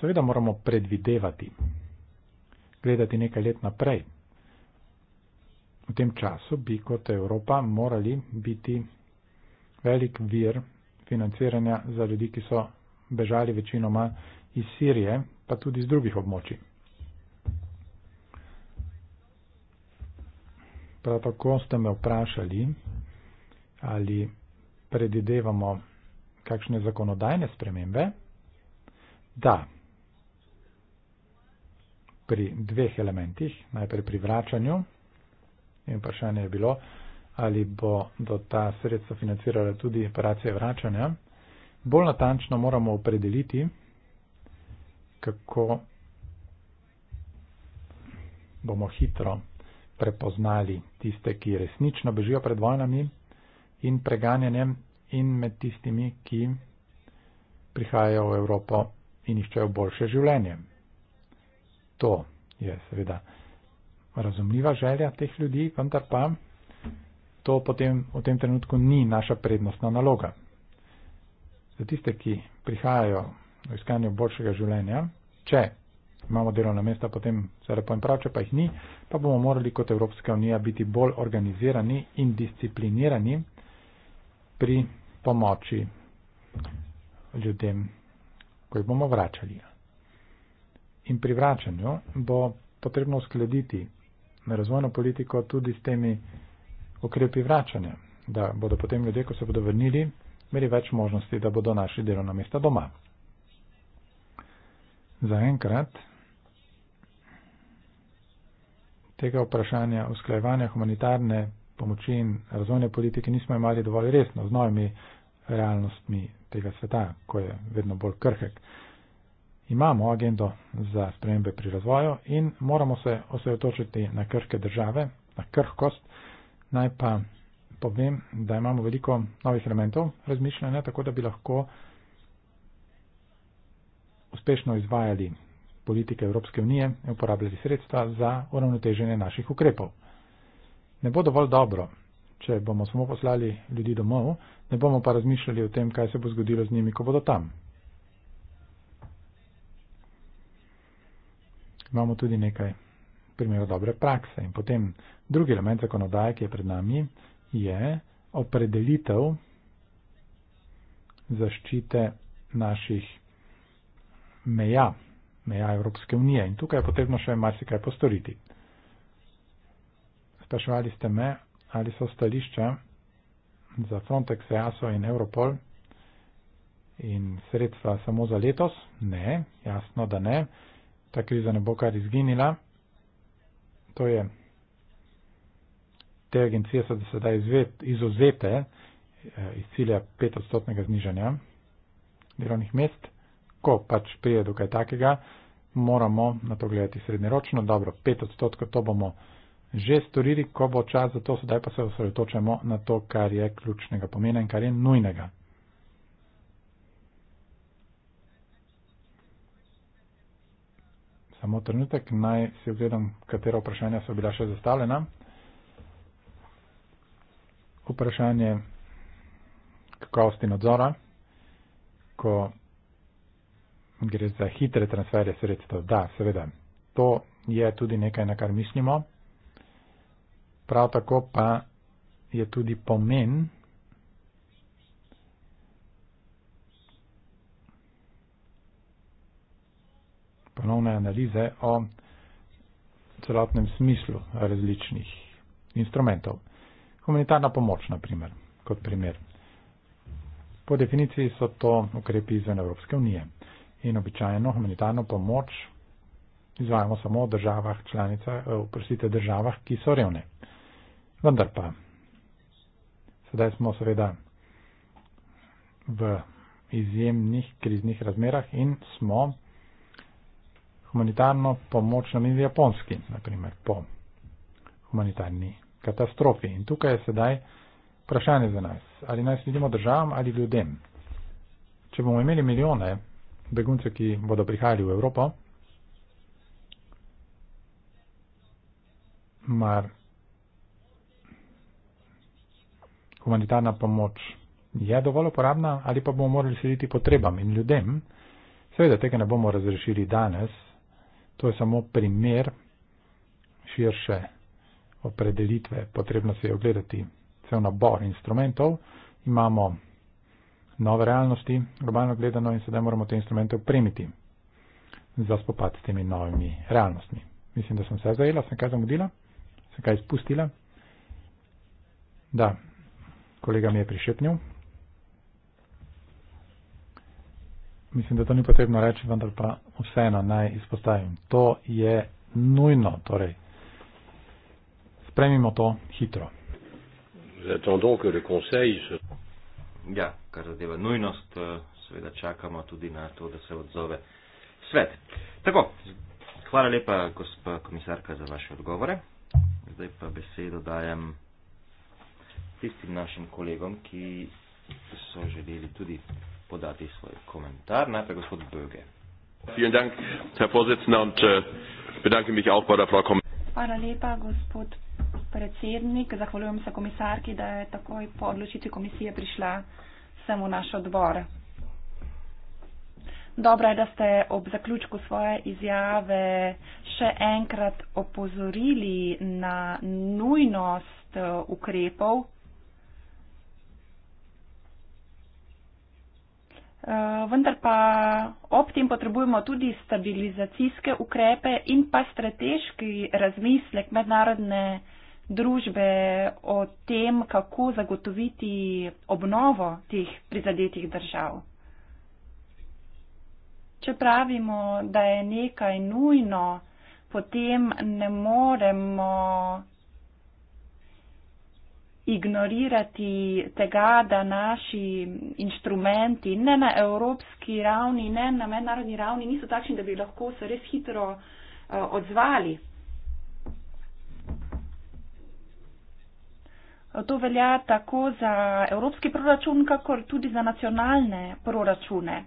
Speaker 2: Seveda moramo predvidevati, gledati nekaj let naprej, V tem času bi kot Evropa morali biti velik vir financiranja za ljudi, ki so bežali večinoma iz Sirije, pa tudi iz drugih območij. Prav tako ste me vprašali, ali predidevamo kakšne zakonodajne spremembe. Da, pri dveh elementih, najprej pri vračanju In vprašanje je bilo, ali bo do ta sredstva financirala tudi operacije vračanja. Bolj natančno moramo opredeliti, kako bomo hitro prepoznali tiste, ki resnično bežijo pred vojnami in preganjanjem in med tistimi, ki prihajajo v Evropo in iščejo boljše življenje. To je seveda razumljiva želja teh ljudi, vendar pa to potem v tem trenutku ni naša prednostna naloga. Za tiste, ki prihajajo v iskanju boljšega življenja, če imamo delovna mesta, potem se lepo in prav, če pa jih ni, pa bomo morali kot Evropska unija biti bolj organizirani in disciplinirani pri pomoči ljudem, ko jih bomo vračali. In pri vračanju bo potrebno uskladiti na razvojno politiko tudi s temi okrepi vračanja, da bodo potem ljudje, ko se bodo vrnili, imeli več možnosti, da bodo našli delovna mesta doma. Za enkrat tega vprašanja usklajevanja humanitarne pomoči in razvojne politike nismo imeli dovolj resno z novimi realnostmi tega sveta, ko je vedno bolj krhek imamo agendo za spremembe pri razvoju in moramo se osredotočiti na krhke države, na krhkost. Naj pa povem, da imamo veliko novih elementov razmišljanja, tako da bi lahko uspešno izvajali politike Evropske unije in uporabljali sredstva za uravnoteženje naših ukrepov. Ne bo dovolj dobro, če bomo samo poslali ljudi domov, ne bomo pa razmišljali o tem, kaj se bo zgodilo z njimi, ko bodo tam. imamo tudi nekaj primerov dobre prakse. In potem drugi element zakonodaje, ki je pred nami, je opredelitev zaščite naših meja, meja Evropske unije. In tukaj je potrebno še marsikaj postoriti. Spraševali ste me, ali so stališča za Frontex, EASO in Europol in sredstva samo za letos? Ne, jasno, da ne ta kriza ne bo kar izginila. To je, te agencije so do sedaj izuzete eh, iz cilja 5-odstotnega znižanja delovnih mest. Ko pač prije do kaj takega, moramo na to gledati srednjeročno. Dobro, 5 odstotkov to bomo že storili, ko bo čas za to, sedaj pa se osredotočamo na to, kar je ključnega pomena in kar je nujnega. samo trenutek, naj si ogledam, katera vprašanja so bila še zastavljena. Vprašanje kakovosti nadzora, ko gre za hitre transferje sredstev. Da, seveda, to je tudi nekaj, na kar mislimo. Prav tako pa je tudi pomen, ponovne analize o celotnem smislu različnih instrumentov. Humanitarna pomoč, na primer, kot primer. Po definiciji so to ukrepi izven Evropske unije in običajno humanitarno pomoč izvajamo samo v državah, članica, eh, oprostite, državah, ki so revne. Vendar pa, sedaj smo seveda v izjemnih kriznih razmerah in smo humanitarno pomoč namenili Japonski, naprimer po humanitarni katastrofi. In tukaj je sedaj vprašanje za nas, ali naj sledimo državam ali ljudem. Če bomo imeli milijone beguncev, ki bodo prihajali v Evropo, mar humanitarna pomoč je dovolj uporabna ali pa bomo morali slediti potrebam in ljudem. Seveda tega ne bomo razrešili danes, To je samo primer širše opredelitve. Potrebno se je ogledati cel nabor instrumentov. Imamo nove realnosti, globalno gledano, in sedaj moramo te instrumente opremiti za spopad s temi novimi realnostmi. Mislim, da sem vse zajela, sem kaj zamudila, sem kaj izpustila. Da, kolega mi je prišepnil. mislim, da to ni potrebno reči, vendar pa vseeno naj izpostavim. To je nujno, torej spremimo to hitro. Ja,
Speaker 1: kar zadeva nujnost, eh, seveda čakamo tudi na to, da se odzove svet. Tako, hvala lepa, gospa komisarka, za vaše odgovore. Zdaj pa besedo dajem tistim našim kolegom, ki so želeli tudi podati svoj komentar. Najprej gospod Böge.
Speaker 3: Vielen Dank, Herr Vorsitzender, und äh, bedanke mich auch bei der Frau Kommissarin. lepa, gospod predsednik. Zahvaljujem se komisarki, da je takoj po odločitvi komisije prišla sem v naš odbor. Dobro je, da ste ob zaključku svoje izjave še enkrat opozorili na nujnost uh, ukrepov. Eh, vendar pa ob tem potrebujemo tudi stabilizacijske ukrepe in pa strateški razmislek mednarodne družbe o tem, kako zagotoviti obnovo teh prizadetih držav. Če pravimo, da je nekaj nujno, potem ne moremo ignorirati tega, da naši inštrumenti ne na evropski ravni, ne na mednarodni ravni niso takšni, da bi lahko se res hitro uh, odzvali. To velja tako za evropski proračun, kakor tudi za nacionalne proračune.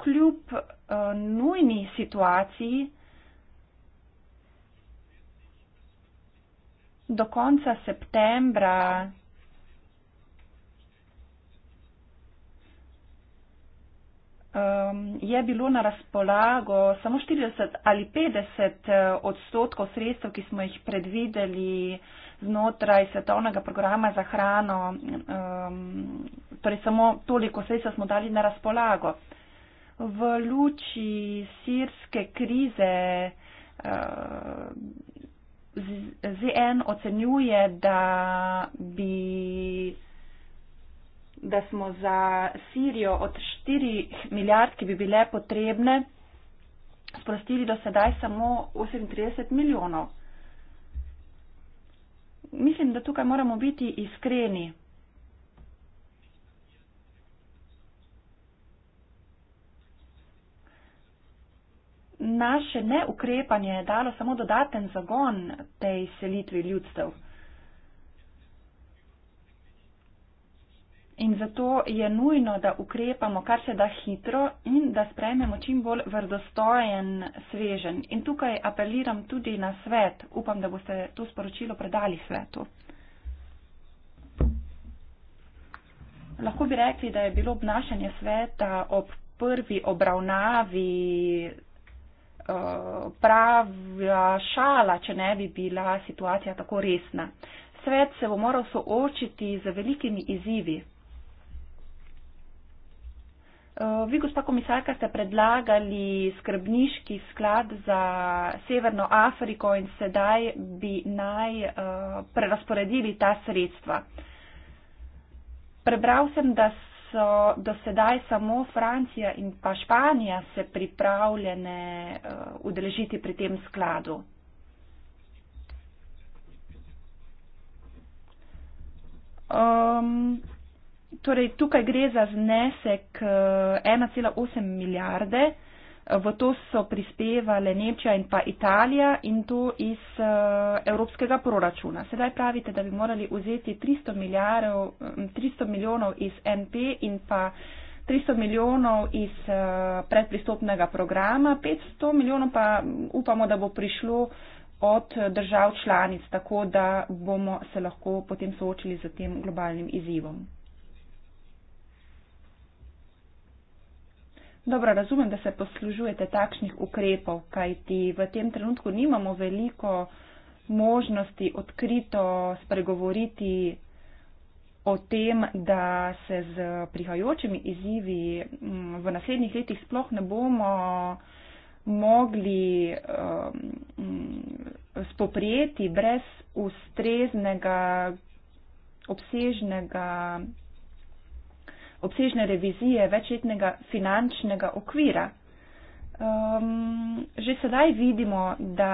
Speaker 3: Kljub uh, nujni situaciji, do konca septembra. Um, je bilo na razpolago samo 40 ali 50 eh, odstotkov sredstev, ki smo jih predvideli znotraj svetovnega programa za hrano. Um, torej, samo toliko sredstev smo dali na razpolago. V luči sirske krize uh, ZN ocenjuje, da bi da smo za Sirijo od 4 milijard, ki bi bile potrebne, sprostili do sedaj samo 38 milijonov. Mislim, da tukaj moramo biti iskreni. naše neukrepanje dalo samo dodaten zagon tej selitvi ljudstev. In zato je nujno, da ukrepamo kar se da hitro in da sprejmemo čim bolj vrdostojen svežen. In tukaj apeliram tudi na svet. Upam, da boste to sporočilo predali svetu. Lahko bi rekli, da je bilo obnašanje sveta ob prvi obravnavi prava šala, če ne bi bila situacija tako resna. Svet se bo moral soočiti z velikimi izzivi. Eh, vi, gospa komisarka, ste predlagali skrbniški sklad za Severno Afriko in sedaj bi naj uh, eh, prerasporedili ta sredstva. Prebral sem, da so do sedaj samo Francija in pa Španija se pripravljene eh, udeležiti pri tem skladu. Um, torej, tukaj gre za znesek 1,8 eh, milijarde. V to so prispevale Nemčija in pa Italija in to iz uh, evropskega proračuna. Sedaj pravite, da bi morali vzeti 300, milijarov, 300 milijonov iz NP in pa 300 milijonov iz uh, predpristopnega programa, 500 milijonov pa upamo, da bo prišlo od držav članic, tako da bomo se lahko potem soočili z tem globalnim izzivom. Dobro, razumem, da se poslužujete takšnih ukrepov, kajti v tem trenutku nimamo veliko možnosti odkrito spregovoriti o tem, da se z prihajajočimi izzivi mm, v naslednjih letih sploh ne bomo mogli um, mm, spoprijeti brez ustreznega, obsežnega obsežne revizije večletnega finančnega okvira. Um, že sedaj vidimo, da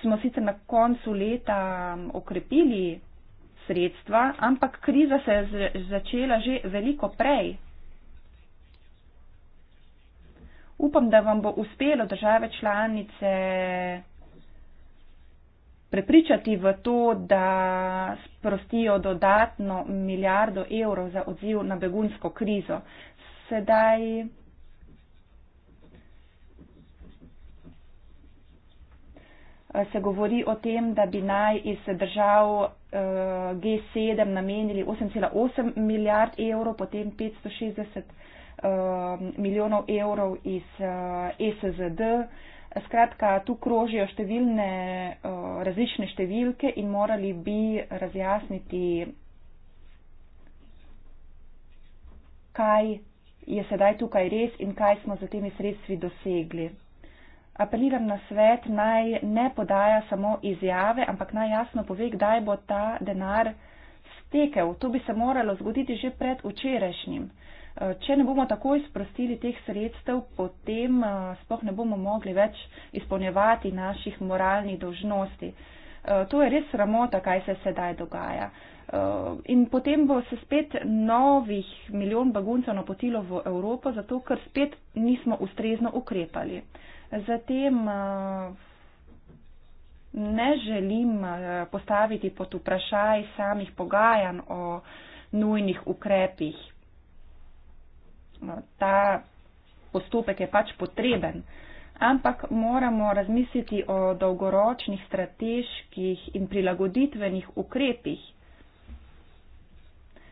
Speaker 3: smo sicer na koncu leta um, okrepili sredstva, ampak kriza se je začela že veliko prej. Upam, da vam bo uspelo države članice prepričati v to, da sprostijo dodatno milijardo evrov za odziv na begunsko krizo. Sedaj se govori o tem, da bi naj iz držav eh, G7 namenili 8,8 milijard evrov, potem 560 eh, milijonov evrov iz eh, SZD. Skratka, tu krožijo številne eh, različne številke in morali bi razjasniti, kaj je sedaj tukaj res in kaj smo z temi sredstvi dosegli. Apeliram na svet, naj ne podaja samo izjave, ampak naj jasno pove, kdaj bo ta denar stekel. To bi se moralo zgoditi že pred včerajšnjim. Če ne bomo takoj sprostili teh sredstev, potem eh, sploh ne bomo mogli več izpolnjevati naših moralnih dožnosti. Eh, to je res sramota, kaj se sedaj dogaja. Eh, in potem bo se spet novih milijon baguncev napotilo v Evropo, zato ker spet nismo ustrezno ukrepali. Zatem ne želim postaviti pod vprašaj samih pogajanj o nujnih ukrepih, ta postopek je pač potreben, ampak moramo razmisliti o dolgoročnih strateških in prilagoditvenih ukrepih.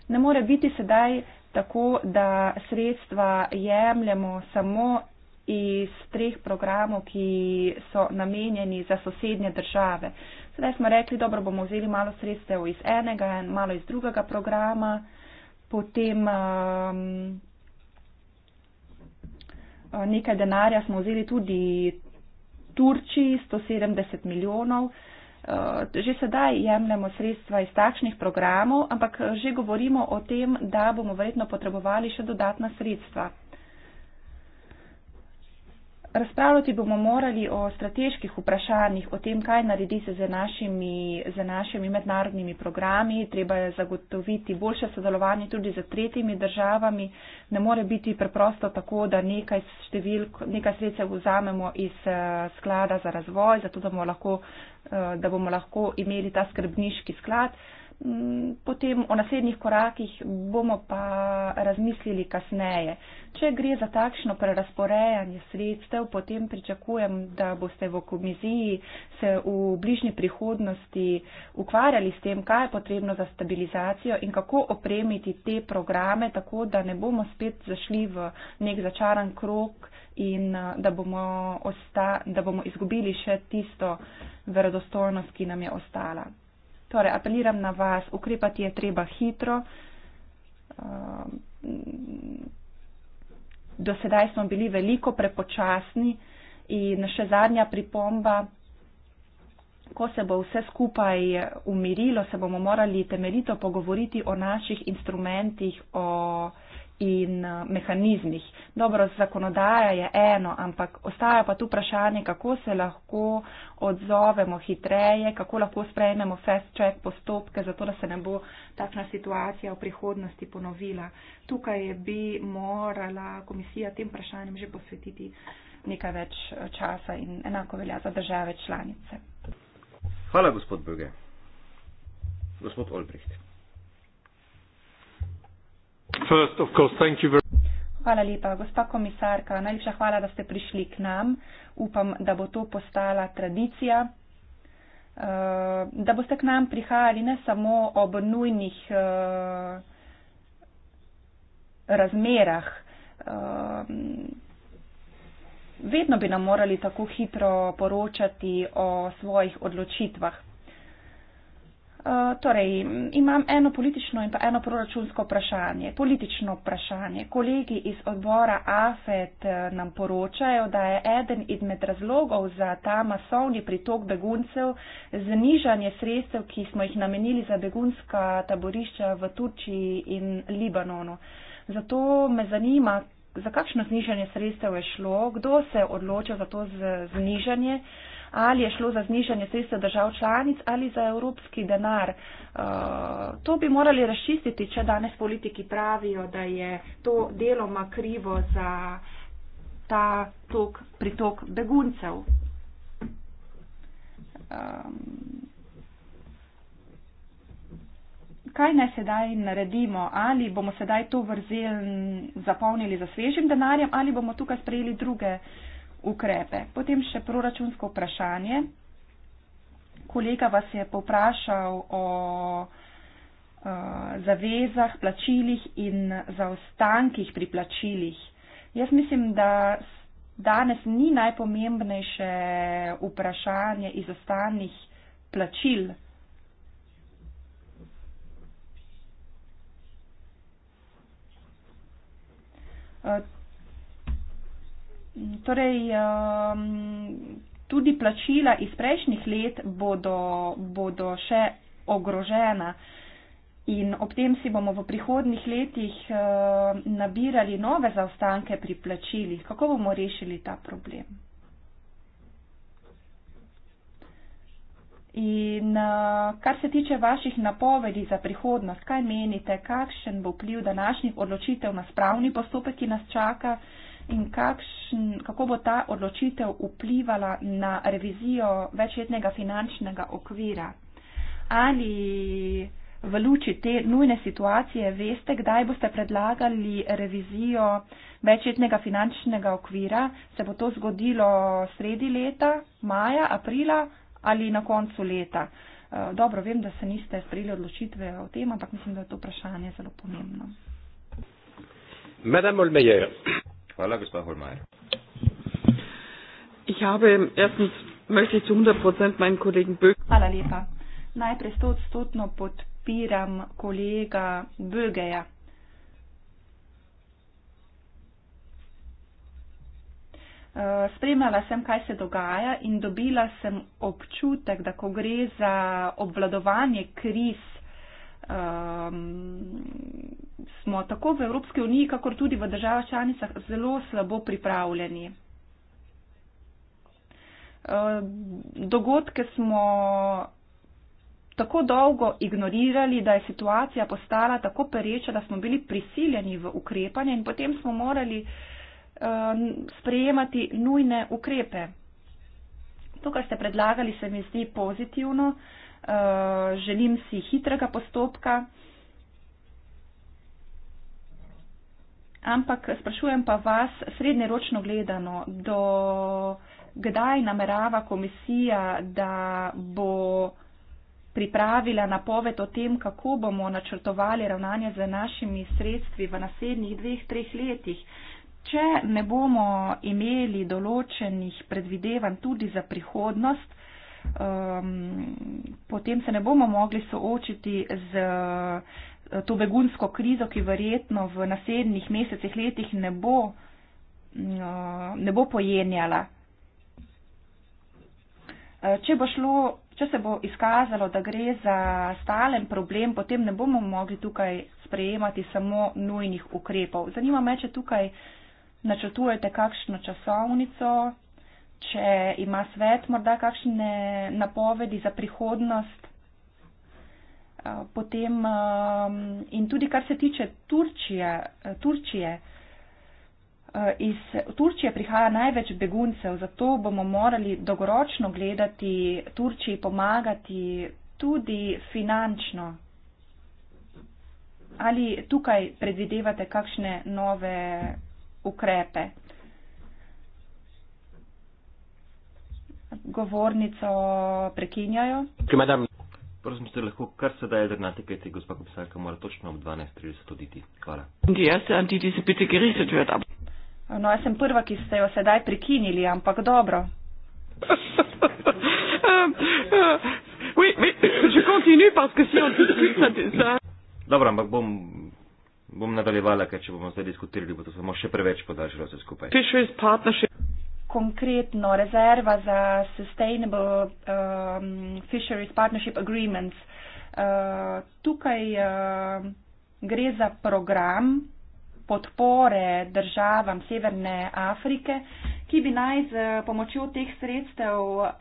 Speaker 3: Ne more biti sedaj tako, da sredstva jemljemo samo iz treh programov, ki so namenjeni za sosednje države. Sedaj smo rekli, dobro, bomo vzeli malo sredstev iz enega in malo iz drugega programa, potem um, Eh, nekaj denarja smo vzeli tudi Turčiji, 170 milijonov. Eh, že sedaj jemljemo sredstva iz takšnih programov, ampak eh, že govorimo o tem, da bomo verjetno potrebovali še dodatna sredstva. Razpravljati bomo morali o strateških vprašanjih, o tem, kaj naredi se z našimi, z našimi mednarodnimi programi. Treba je zagotoviti boljše sodelovanje tudi za tretjimi državami. Ne more biti preprosto tako, da nekaj, nekaj sredstev vzamemo iz eh, sklada za razvoj, zato da bomo lahko, eh, da bomo lahko imeli ta skrbniški sklad. Mm, potem o naslednjih korakih bomo pa razmislili kasneje. Če gre za takšno prerasporejanje sredstev, potem pričakujem, da boste v komiziji se v bližnji prihodnosti ukvarjali s tem, kaj je potrebno za stabilizacijo in kako opremiti te programe, tako da ne bomo spet zašli v nek začaran krok in eh, da bomo, osta, da bomo izgubili še tisto verodostojnost, ki nam je ostala. Torej, apeliram na vas, ukrepati je treba hitro. Ehm, do sedaj smo bili veliko prepočasni in še zadnja pripomba, ko se bo vse skupaj umirilo, se bomo morali temeljito pogovoriti o naših instrumentih, o in eh, mehanizmih. Dobro, zakonodaja je eno, ampak ostaja pa tu vprašanje, kako se lahko odzovemo hitreje, kako lahko sprejmemo fast track postopke, zato da se ne bo takšna situacija v prihodnosti ponovila. Tukaj bi morala komisija tem vprašanjem že posvetiti nekaj več eh, časa in enako velja za države članice.
Speaker 1: Hvala, gospod Brge. Gospod Olbricht.
Speaker 2: First, of course, thank you very
Speaker 3: Hvala lepa, gospa komisarka. Najlepša hvala, da ste prišli k nam. Upam, da bo to postala tradicija, eh, da boste k nam prihajali ne samo ob nujnih eh, razmerah. Eh, vedno bi nam morali tako hitro poročati o svojih odločitvah. Eh, torej, imam eno politično in pa eno proračunsko vprašanje. Politično vprašanje. Kolegi iz odbora AFET eh, nam poročajo, da je eden izmed razlogov za ta masovni pritok beguncev znižanje sredstev, ki smo jih namenili za begunska taborišča v Turčiji in Libanonu. Zato me zanima, za kakšno znižanje sredstev je šlo, kdo se je odločil za to znižanje ali je šlo za znižanje sredstev držav članic ali za evropski denar. Uh, to bi morali razčistiti, če danes politiki pravijo, da je to deloma krivo za ta tok, pritok beguncev. Um, kaj naj sedaj naredimo? Ali bomo sedaj to vrzel zapolnili za svežim denarjem ali bomo tukaj sprejeli druge uh, ukrepe. Potem še proračunsko vprašanje. Kolega vas je poprašal o eh, zavezah, plačilih in zaostankih pri plačilih. Jaz mislim, da danes ni najpomembnejše vprašanje izostanih plačil. Uh, Torej, um, tudi plačila iz prejšnjih let bodo, bodo še ogrožena in ob tem si bomo v prihodnih letih uh, nabirali nove zaostanke pri plačilih. Kako bomo rešili ta problem? In uh, kar se tiče vaših napovedi za prihodnost, kaj menite, kakšen bo vpliv današnjih odločitev na spravni postopek, ki nas čaka? Uh, in kakšen, kako bo ta odločitev vplivala na revizijo večletnega finančnega okvira. Ali v luči te nujne situacije veste, kdaj boste predlagali revizijo večletnega finančnega okvira? Se bo to zgodilo sredi leta, maja, aprila ali na koncu leta? Eh, dobro, vem, da se niste sprejeli odločitve o tem, ampak mislim, da je to vprašanje zelo pomembno.
Speaker 2: Madame Olmeyer. Hvala, gospod
Speaker 3: Holmajer. Hvala lepa. Najprej stotno podpiram kolega Bögeja. Eh, spremljala sem, kaj se dogaja in dobila sem občutek, da ko gre za obvladovanje kriz, um, smo tako v Evropski uniji, kakor tudi v državah članicah zelo slabo pripravljeni. Eh, dogodke smo tako dolgo ignorirali, da je situacija postala tako pereča, da smo bili prisiljeni v ukrepanje in potem smo morali eh, sprejemati nujne ukrepe. To, kar ste predlagali, se mi zdi pozitivno. Eh, želim si hitrega postopka. ampak sprašujem pa vas srednjeročno gledano, do kdaj namerava komisija, da bo pripravila napoved o tem, kako bomo načrtovali ravnanje z našimi sredstvi v naslednjih dveh, treh letih. Če ne bomo imeli določenih predvidevanj tudi za prihodnost, um, potem se ne bomo mogli soočiti z to begunsko krizo, ki verjetno v naslednjih mesecih, letih ne bo, mm, ne bo pojenjala. Če, bo šlo, če se bo izkazalo, da gre za stalen problem, potem ne bomo mogli tukaj sprejemati samo nujnih ukrepov. Zanima me, če tukaj načrtujete kakšno časovnico, če ima svet morda kakšne napovedi za prihodnost Eh, potem ehm, in tudi kar se tiče Turčije, eh, Turčije, eh, iz Turčije prihaja največ beguncev, zato bomo morali dolgoročno gledati Turčiji pomagati tudi finančno. Ali tukaj predvidevate kakšne nove ukrepe? Govornico prekinjajo.
Speaker 1: Madame, Prosim, ste lahko kar se da jedrnate, kaj te gospa komisarka mora točno ob 12.30 oditi.
Speaker 3: Hvala. No, jaz sem prva, ki ste jo sedaj prekinili, ampak dobro.
Speaker 1: Dobro, ampak bom, bom nadaljevala, ker če bomo zdaj diskutirali, bo to samo še preveč podaljšalo vse skupaj
Speaker 3: konkretno rezerva za Sustainable um, Fisheries Partnership Agreements. Uh, tukaj uh, gre za program podpore državam Severne Afrike, ki bi naj z pomočjo teh sredstev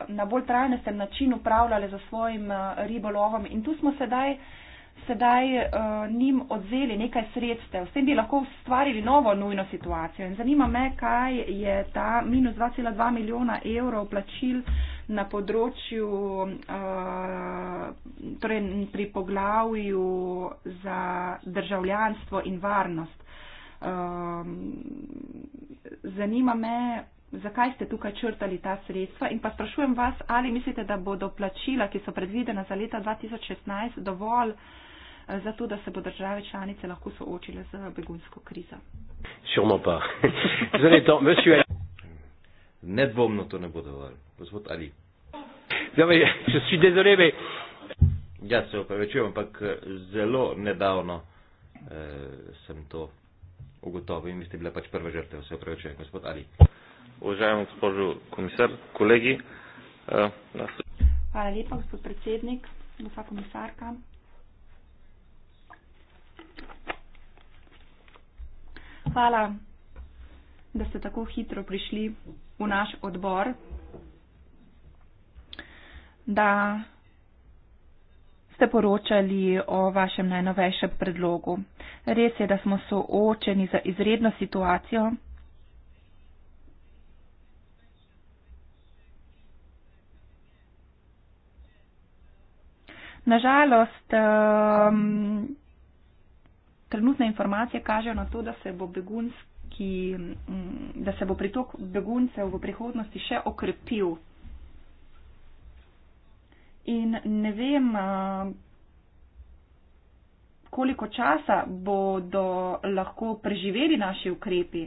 Speaker 3: na bolj trajnosten način upravljali za svojim uh, ribolovom. In tu smo sedaj uh, sedaj uh, njim odzeli nekaj sredstev, s tem bi lahko ustvarili novo nujno situacijo. In zanima me, kaj je ta minus 2,2 milijona evrov plačil na področju, uh, torej pri poglavju za državljanstvo in varnost. Uh, zanima me, zakaj ste tukaj črtali ta sredstva in pa sprašujem vas, ali mislite, da bodo plačila, ki so predvidena za leta 2016, dovolj, zato, da se bo države članice lahko soočile z begunsko krizo.
Speaker 1: Sjomo pa. Nedvomno to ne bo dovolj. Gospod Ali. Če si dezore, ja se opravičujem, ampak eh, zelo nedavno eh, sem to ugotovil in vi ste bila pač prva žrtev. Se opravičujem, gospod Ali. Uvažajem, gospod komisar, kolegi. Eh,
Speaker 3: Hvala lepa, gospod predsednik, gospod komisarka. Hvala, da ste tako hitro prišli v naš odbor, da ste poročali o vašem najnovejšem predlogu. Res je, da smo soočeni za izredno situacijo. Nažalost, um, trenutne informacije kažejo na to, da se bo begunski, mm, da se bo pritok beguncev v prihodnosti še okrepil. In ne vem, koliko časa bodo lahko preživeli naši ukrepi.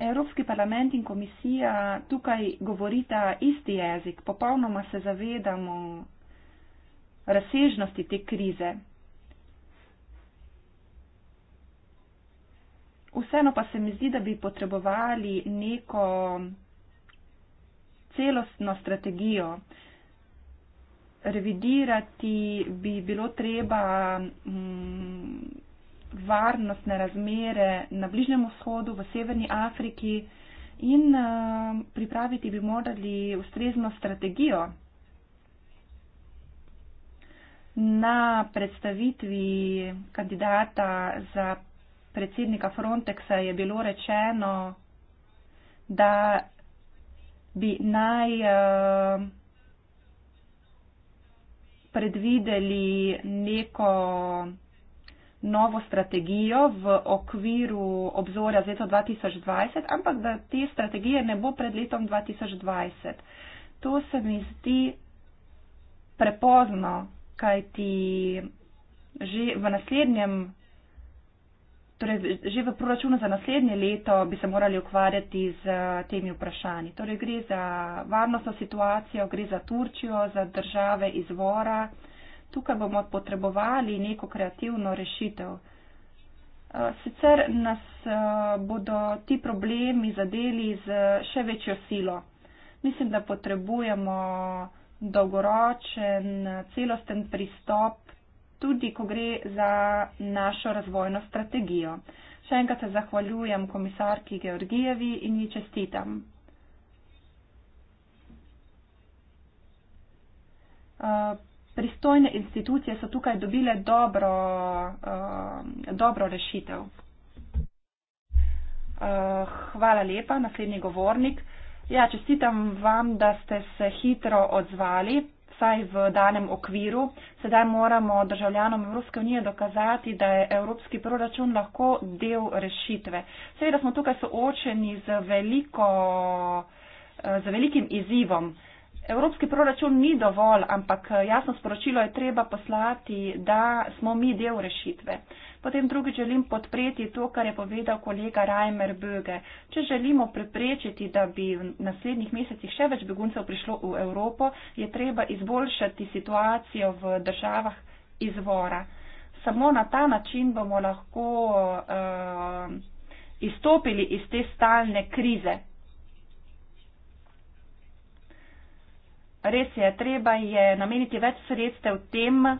Speaker 3: Evropski parlament in komisija tukaj govorita isti jezik. Popolnoma se zavedamo razsežnosti te krize. Vseeno pa se mi zdi, da bi potrebovali neko celostno strategijo. Revidirati bi bilo treba mm, varnostne razmere na Bližnjem vzhodu, v Severni Afriki in eh, pripraviti bi morali ustrezno strategijo. Na predstavitvi kandidata za predsednika Frontexa je bilo rečeno, da bi naj eh, predvideli neko novo strategijo v okviru obzorja za leto 2020, ampak da te strategije ne bo pred letom 2020. To se mi zdi prepozno, kajti že v naslednjem torej že v proračunu za naslednje leto bi se morali ukvarjati z eh, temi vprašanji. Torej gre za varnostno situacijo, gre za Turčijo, za države izvora. Tukaj bomo potrebovali neko kreativno rešitev. Eh, sicer nas eh, bodo ti problemi zadeli z še večjo silo. Mislim, da potrebujemo dolgoročen, celosten pristop tudi ko gre za našo razvojno strategijo. Še enkrat se zahvaljujem komisarki Georgijevi in ji čestitam. Uh, pristojne institucije so tukaj dobile dobro, uh, dobro rešitev. Uh, hvala lepa, naslednji govornik. Ja, čestitam vam, da ste se hitro odzvali vsaj v danem okviru. Sedaj moramo državljanom Evropske unije dokazati, da je evropski proračun lahko del rešitve. Seveda smo tukaj soočeni z, veliko, z velikim izzivom. Evropski proračun ni dovolj, ampak eh, jasno sporočilo je treba poslati, da smo mi del rešitve. Potem drugi želim podpreti to, kar je povedal kolega Reimer Böge. Če želimo preprečiti, da bi v naslednjih mesecih še več beguncev prišlo v Evropo, je treba izboljšati situacijo v državah izvora. Samo na ta način bomo lahko uh, izstopili iz te stalne krize. res je, treba je nameniti več sredstev tem eh,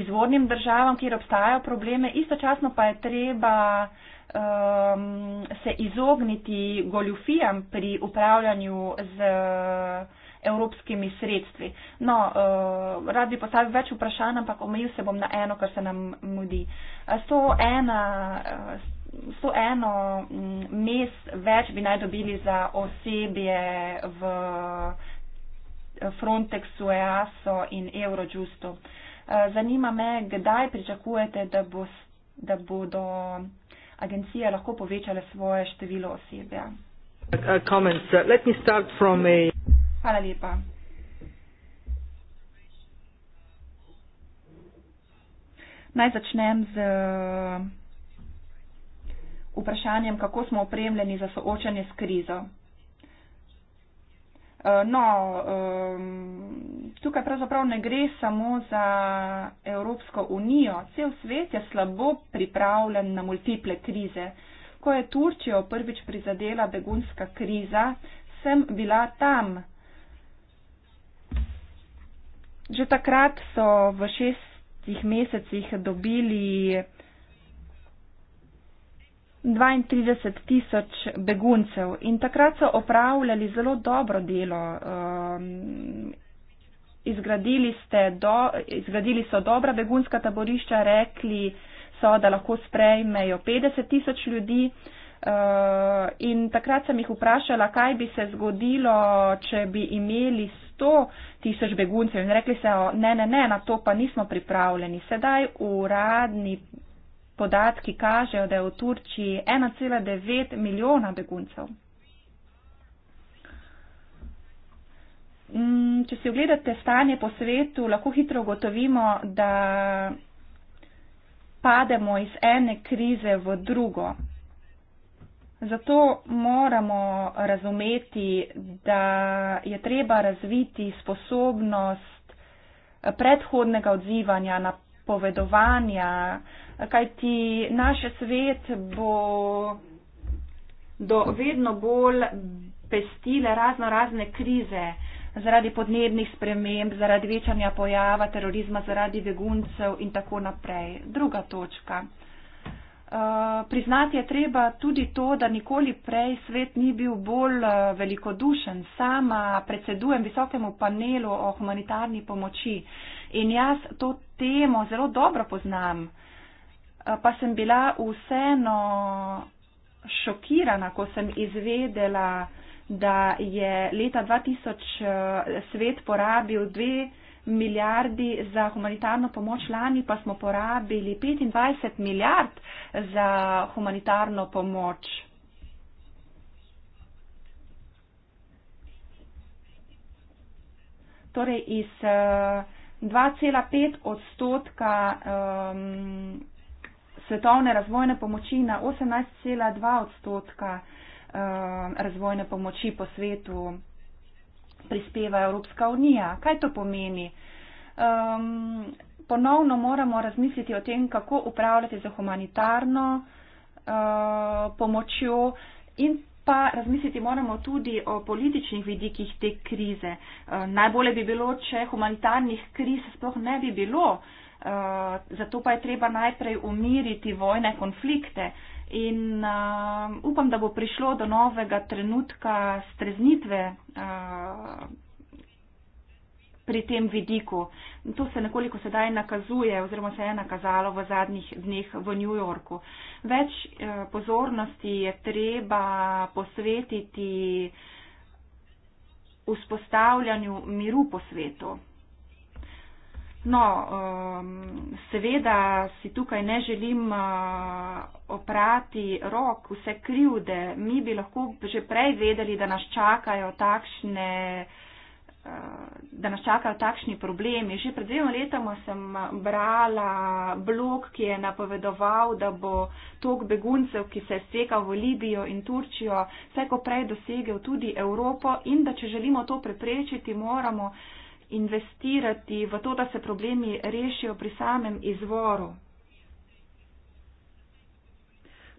Speaker 3: izvornim državam, kjer obstajajo probleme, istočasno pa je treba um, se izogniti goljufijam pri upravljanju z eh, evropskimi sredstvi. No, uh, rad bi postavil več vprašanj, ampak omejil se bom na eno, kar se nam mudi. 101 uh, 101 mm, mest več bi naj dobili za osebje v eh, Frontexu, EASO in Eurojustu. Eh, zanima me, kdaj pričakujete, da, bo, da bodo agencije lahko povečale svoje število osebja?
Speaker 1: Uh, uh, a,
Speaker 3: a Hvala lepa. Naj začnem z vprašanjem, kako smo opremljeni za soočanje s krizo. Eh, no, ehm, tukaj pravzaprav ne gre samo za Evropsko unijo. Cel svet je slabo pripravljen na multiple krize. Ko je Turčijo prvič prizadela begunska kriza, sem bila tam. Že takrat so v šestih mesecih dobili 32 tisoč beguncev in takrat so opravljali zelo dobro delo. Um, izgradili, ste do, izgradili so dobra begunska taborišča, rekli so, da lahko sprejmejo 50 tisoč ljudi. Uh, in takrat sem jih vprašala, kaj bi se zgodilo, če bi imeli 100 tisoč beguncev. In rekli so, ne, ne, ne, na to pa nismo pripravljeni. Sedaj uradni Podatki kažejo, da je v Turčiji 1,9 milijona beguncev. Mm, če si ogledate stanje po svetu, lahko hitro ugotovimo, da pademo iz ene krize v drugo. Zato moramo razumeti, da je treba razviti sposobnost predhodnega odzivanja, napovedovanja, kajti naš svet bo do vedno bolj pestile razno razne krize zaradi podnebnih sprememb, zaradi večanja pojava terorizma, zaradi beguncev in tako naprej. Druga točka. Uh, priznati je treba tudi to, da nikoli prej svet ni bil bolj uh, velikodušen. Sama predsedujem visokemu panelu o humanitarni pomoči in jaz to temo zelo dobro poznam. Uh, pa sem bila vseeno šokirana, ko sem izvedela, da je leta 2000 eh, svet porabil 2 milijardi za humanitarno pomoč, lani pa smo porabili 25 milijard za humanitarno pomoč. Torej iz 2,5 eh, odstotka um, svetovne razvojne pomoči na 18,2 odstotka eh, razvojne pomoči po svetu prispeva Evropska unija. Kaj to pomeni? Um, ponovno moramo razmisliti o tem, kako upravljati za humanitarno uh, pomočjo in pa razmisliti moramo tudi o političnih vidikih te krize. Uh, najbolje bi bilo, če humanitarnih kriz sploh ne bi bilo. Uh, Eh, zato pa je treba najprej umiriti vojne konflikte. In uh, upam, da bo prišlo do novega trenutka streznitve uh, pri tem vidiku. To se nekoliko sedaj nakazuje oziroma se je nakazalo v zadnjih dneh v New Yorku. Več uh, pozornosti je treba posvetiti vzpostavljanju miru po svetu. No, um, seveda si tukaj ne želim uh, oprati rok vse krivde. Mi bi lahko že prej vedeli, da nas čakajo takšne uh, da nas čakajo takšni problemi. Že pred dvema letoma sem brala blog, ki je napovedoval, da bo tok beguncev, ki se je sekal v Libijo in Turčijo, vse ko prej dosegel tudi Evropo in da če želimo to preprečiti, moramo uh, investirati v to, da se problemi rešijo pri samem izvoru.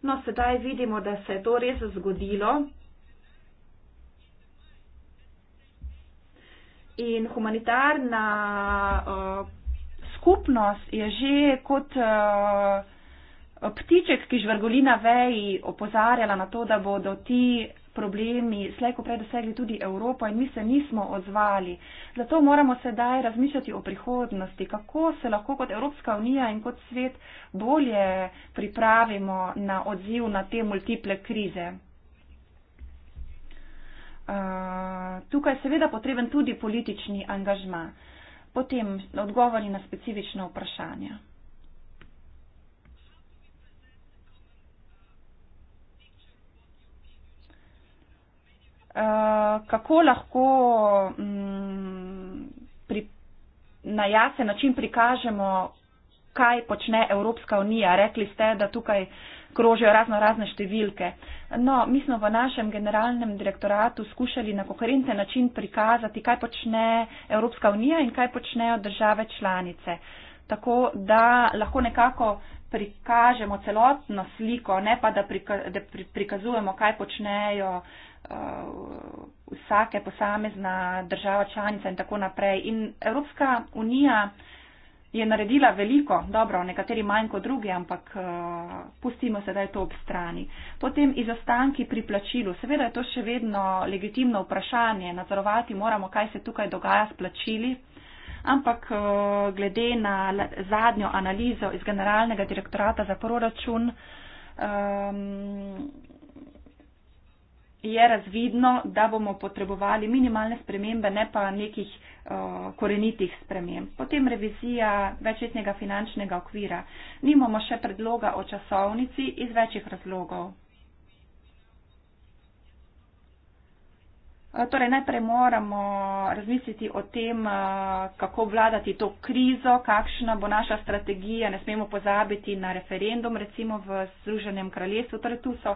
Speaker 3: No, sedaj vidimo, da se je to res zgodilo. In humanitarna uh, skupnost je že kot uh, ptiček, ki žvrgoli na veji, opozarjala na to, da bodo ti problemi slejko predosegli tudi Evropo in mi se nismo odzvali. Zato moramo sedaj razmišljati o prihodnosti, kako se lahko kot Evropska unija in kot svet bolje pripravimo na odziv na te multiple krize. Uh, tukaj je seveda potreben tudi politični angažma, potem odgovori na specifične vprašanja. Eh, kako lahko mm, pri, na jasen način prikažemo, kaj počne Evropska unija. Rekli ste, da tukaj krožijo razno razne številke. No, mi smo v našem generalnem direktoratu skušali na koherenten način prikazati, kaj počne Evropska unija in kaj počnejo države članice. Tako da lahko nekako uh, prikažemo celotno sliko, ne pa da, prika, da pri, prikazujemo, kaj počnejo uh, vsake posamezna država članica in tako naprej. In Evropska unija je naredila veliko, dobro, nekateri manj kot drugi, ampak uh, pustimo sedaj to ob strani. Potem izostanki pri plačilu. Seveda je to še vedno legitimno vprašanje, nadzorovati moramo, kaj se tukaj dogaja s plačili ampak eh, glede na zadnjo analizo iz Generalnega direktorata za proračun ehm, je razvidno, da bomo potrebovali minimalne spremembe, ne pa nekih eh, korenitih sprememb. Potem revizija večletnega finančnega okvira. Nimamo še predloga o časovnici iz večjih razlogov. Eh, torej, najprej moramo razmisliti o tem, eh, kako vladati to krizo, kakšna bo naša strategija. Ne smemo pozabiti na referendum, recimo v Združenem kraljestvu. Torej, tu so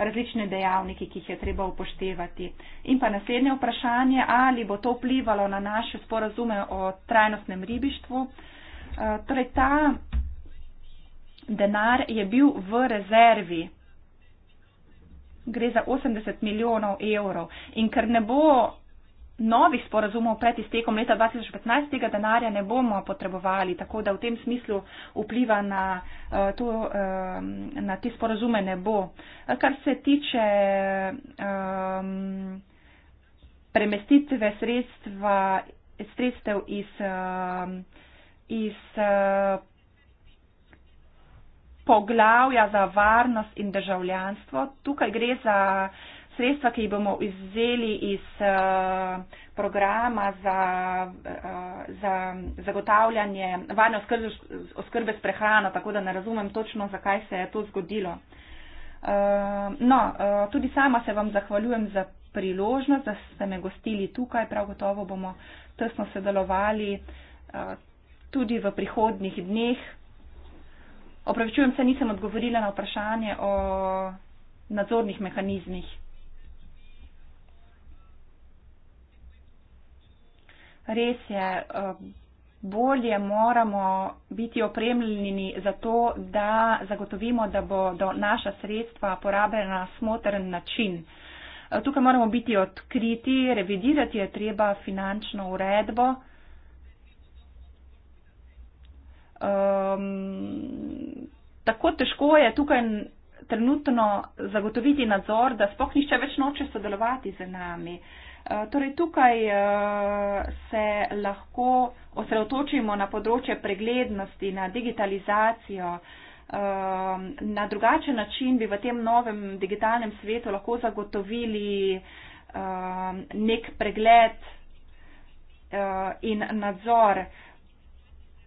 Speaker 3: različne dejavniki, ki jih je treba upoštevati. In pa naslednje vprašanje, ali bo to vplivalo na naše sporazume o trajnostnem ribištvu. Eh, torej, ta denar je bil v rezervi gre za 80 milijonov evrov. In ker ne bo novih sporazumov pred iztekom leta 2015, tega denarja ne bomo potrebovali, tako da v tem smislu vpliva na, uh, to, uh, na te sporazume ne bo. Eh, kar se tiče um, premestitve sredstva, sredstev iz, uh, iz uh, poglavja za varnost in državljanstvo. Tukaj gre za sredstva, ki jih bomo izzeli iz uh, programa za, uh, za zagotavljanje varne oskrbe, oskrbe s prehrano, tako da ne razumem točno, zakaj se je to zgodilo. Uh, no, uh, tudi sama se vam zahvaljujem za priložnost, da ste me gostili tukaj. Prav gotovo bomo tesno sodelovali uh, tudi v prihodnjih dneh. Opravičujem se, nisem odgovorila na vprašanje o nadzornih mehanizmih. Res je, eh, bolje moramo biti opremljeni za to, da zagotovimo, da bo do naša sredstva porabljena na smotren način. Eh, tukaj moramo biti odkriti, revidirati je treba finančno uredbo. Ehm, tako težko je tukaj trenutno zagotoviti nadzor, da spoh nišče več noče sodelovati z nami. Eh, torej, tukaj eh, se lahko osredotočimo na področje preglednosti, na digitalizacijo. Eh, na drugačen način bi v tem novem digitalnem svetu lahko zagotovili nek pregled in nadzor.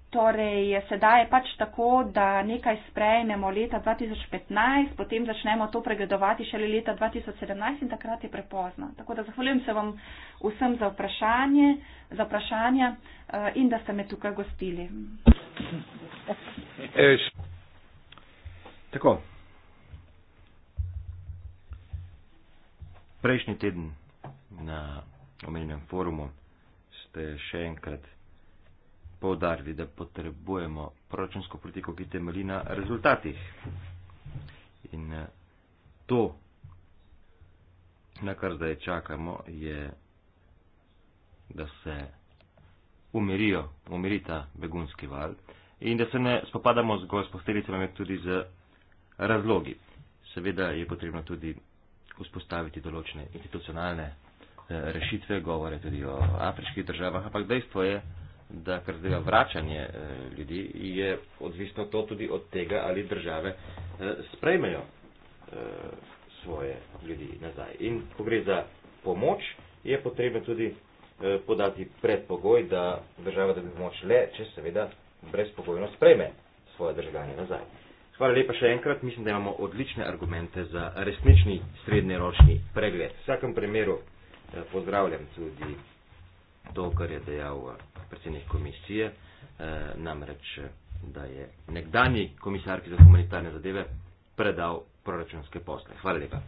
Speaker 3: Torej, sedaj je pač tako, da nekaj sprejmemo leta 2015, potem začnemo to pregledovati šele leta 2017 in takrat je prepozno. Tako da zahvaljujem se vam vsem za vprašanje, za vprašanja eh, in da ste me tukaj gostili.
Speaker 2: Tako.
Speaker 1: Prejšnji teden na omenjenem forumu ste še enkrat poudarili, da potrebujemo proračunsko politiko, ki temelji na rezultatih. In eh, to, na kar zdaj čakamo, je, da se umirijo, umiri ta begunski val in da se ne spopadamo zgolj s posteljicami, tudi z razlogi. Seveda je potrebno tudi vzpostaviti določene institucionalne eh, rešitve, govore tudi o afriških državah, ampak dejstvo je, da kar zdaj vračanje eh, ljudi, je odvisno to tudi od tega, ali države eh, sprejmejo eh, svoje ljudi nazaj. In ko gre za pomoč, je potrebno tudi podati predpogoj, da država da bi pomoč le, če seveda brezpogojno sprejme svoje državljane nazaj. Hvala lepa še enkrat, mislim, da imamo odlične argumente za resnični srednjeročni pregled. V vsakem primeru pozdravljam tudi to, kar je dejal eh, predsednik komisije, eh, namreč, eh, da je nekdani komisarki za humanitarne zadeve predal proračunske posle. Hvala lepa.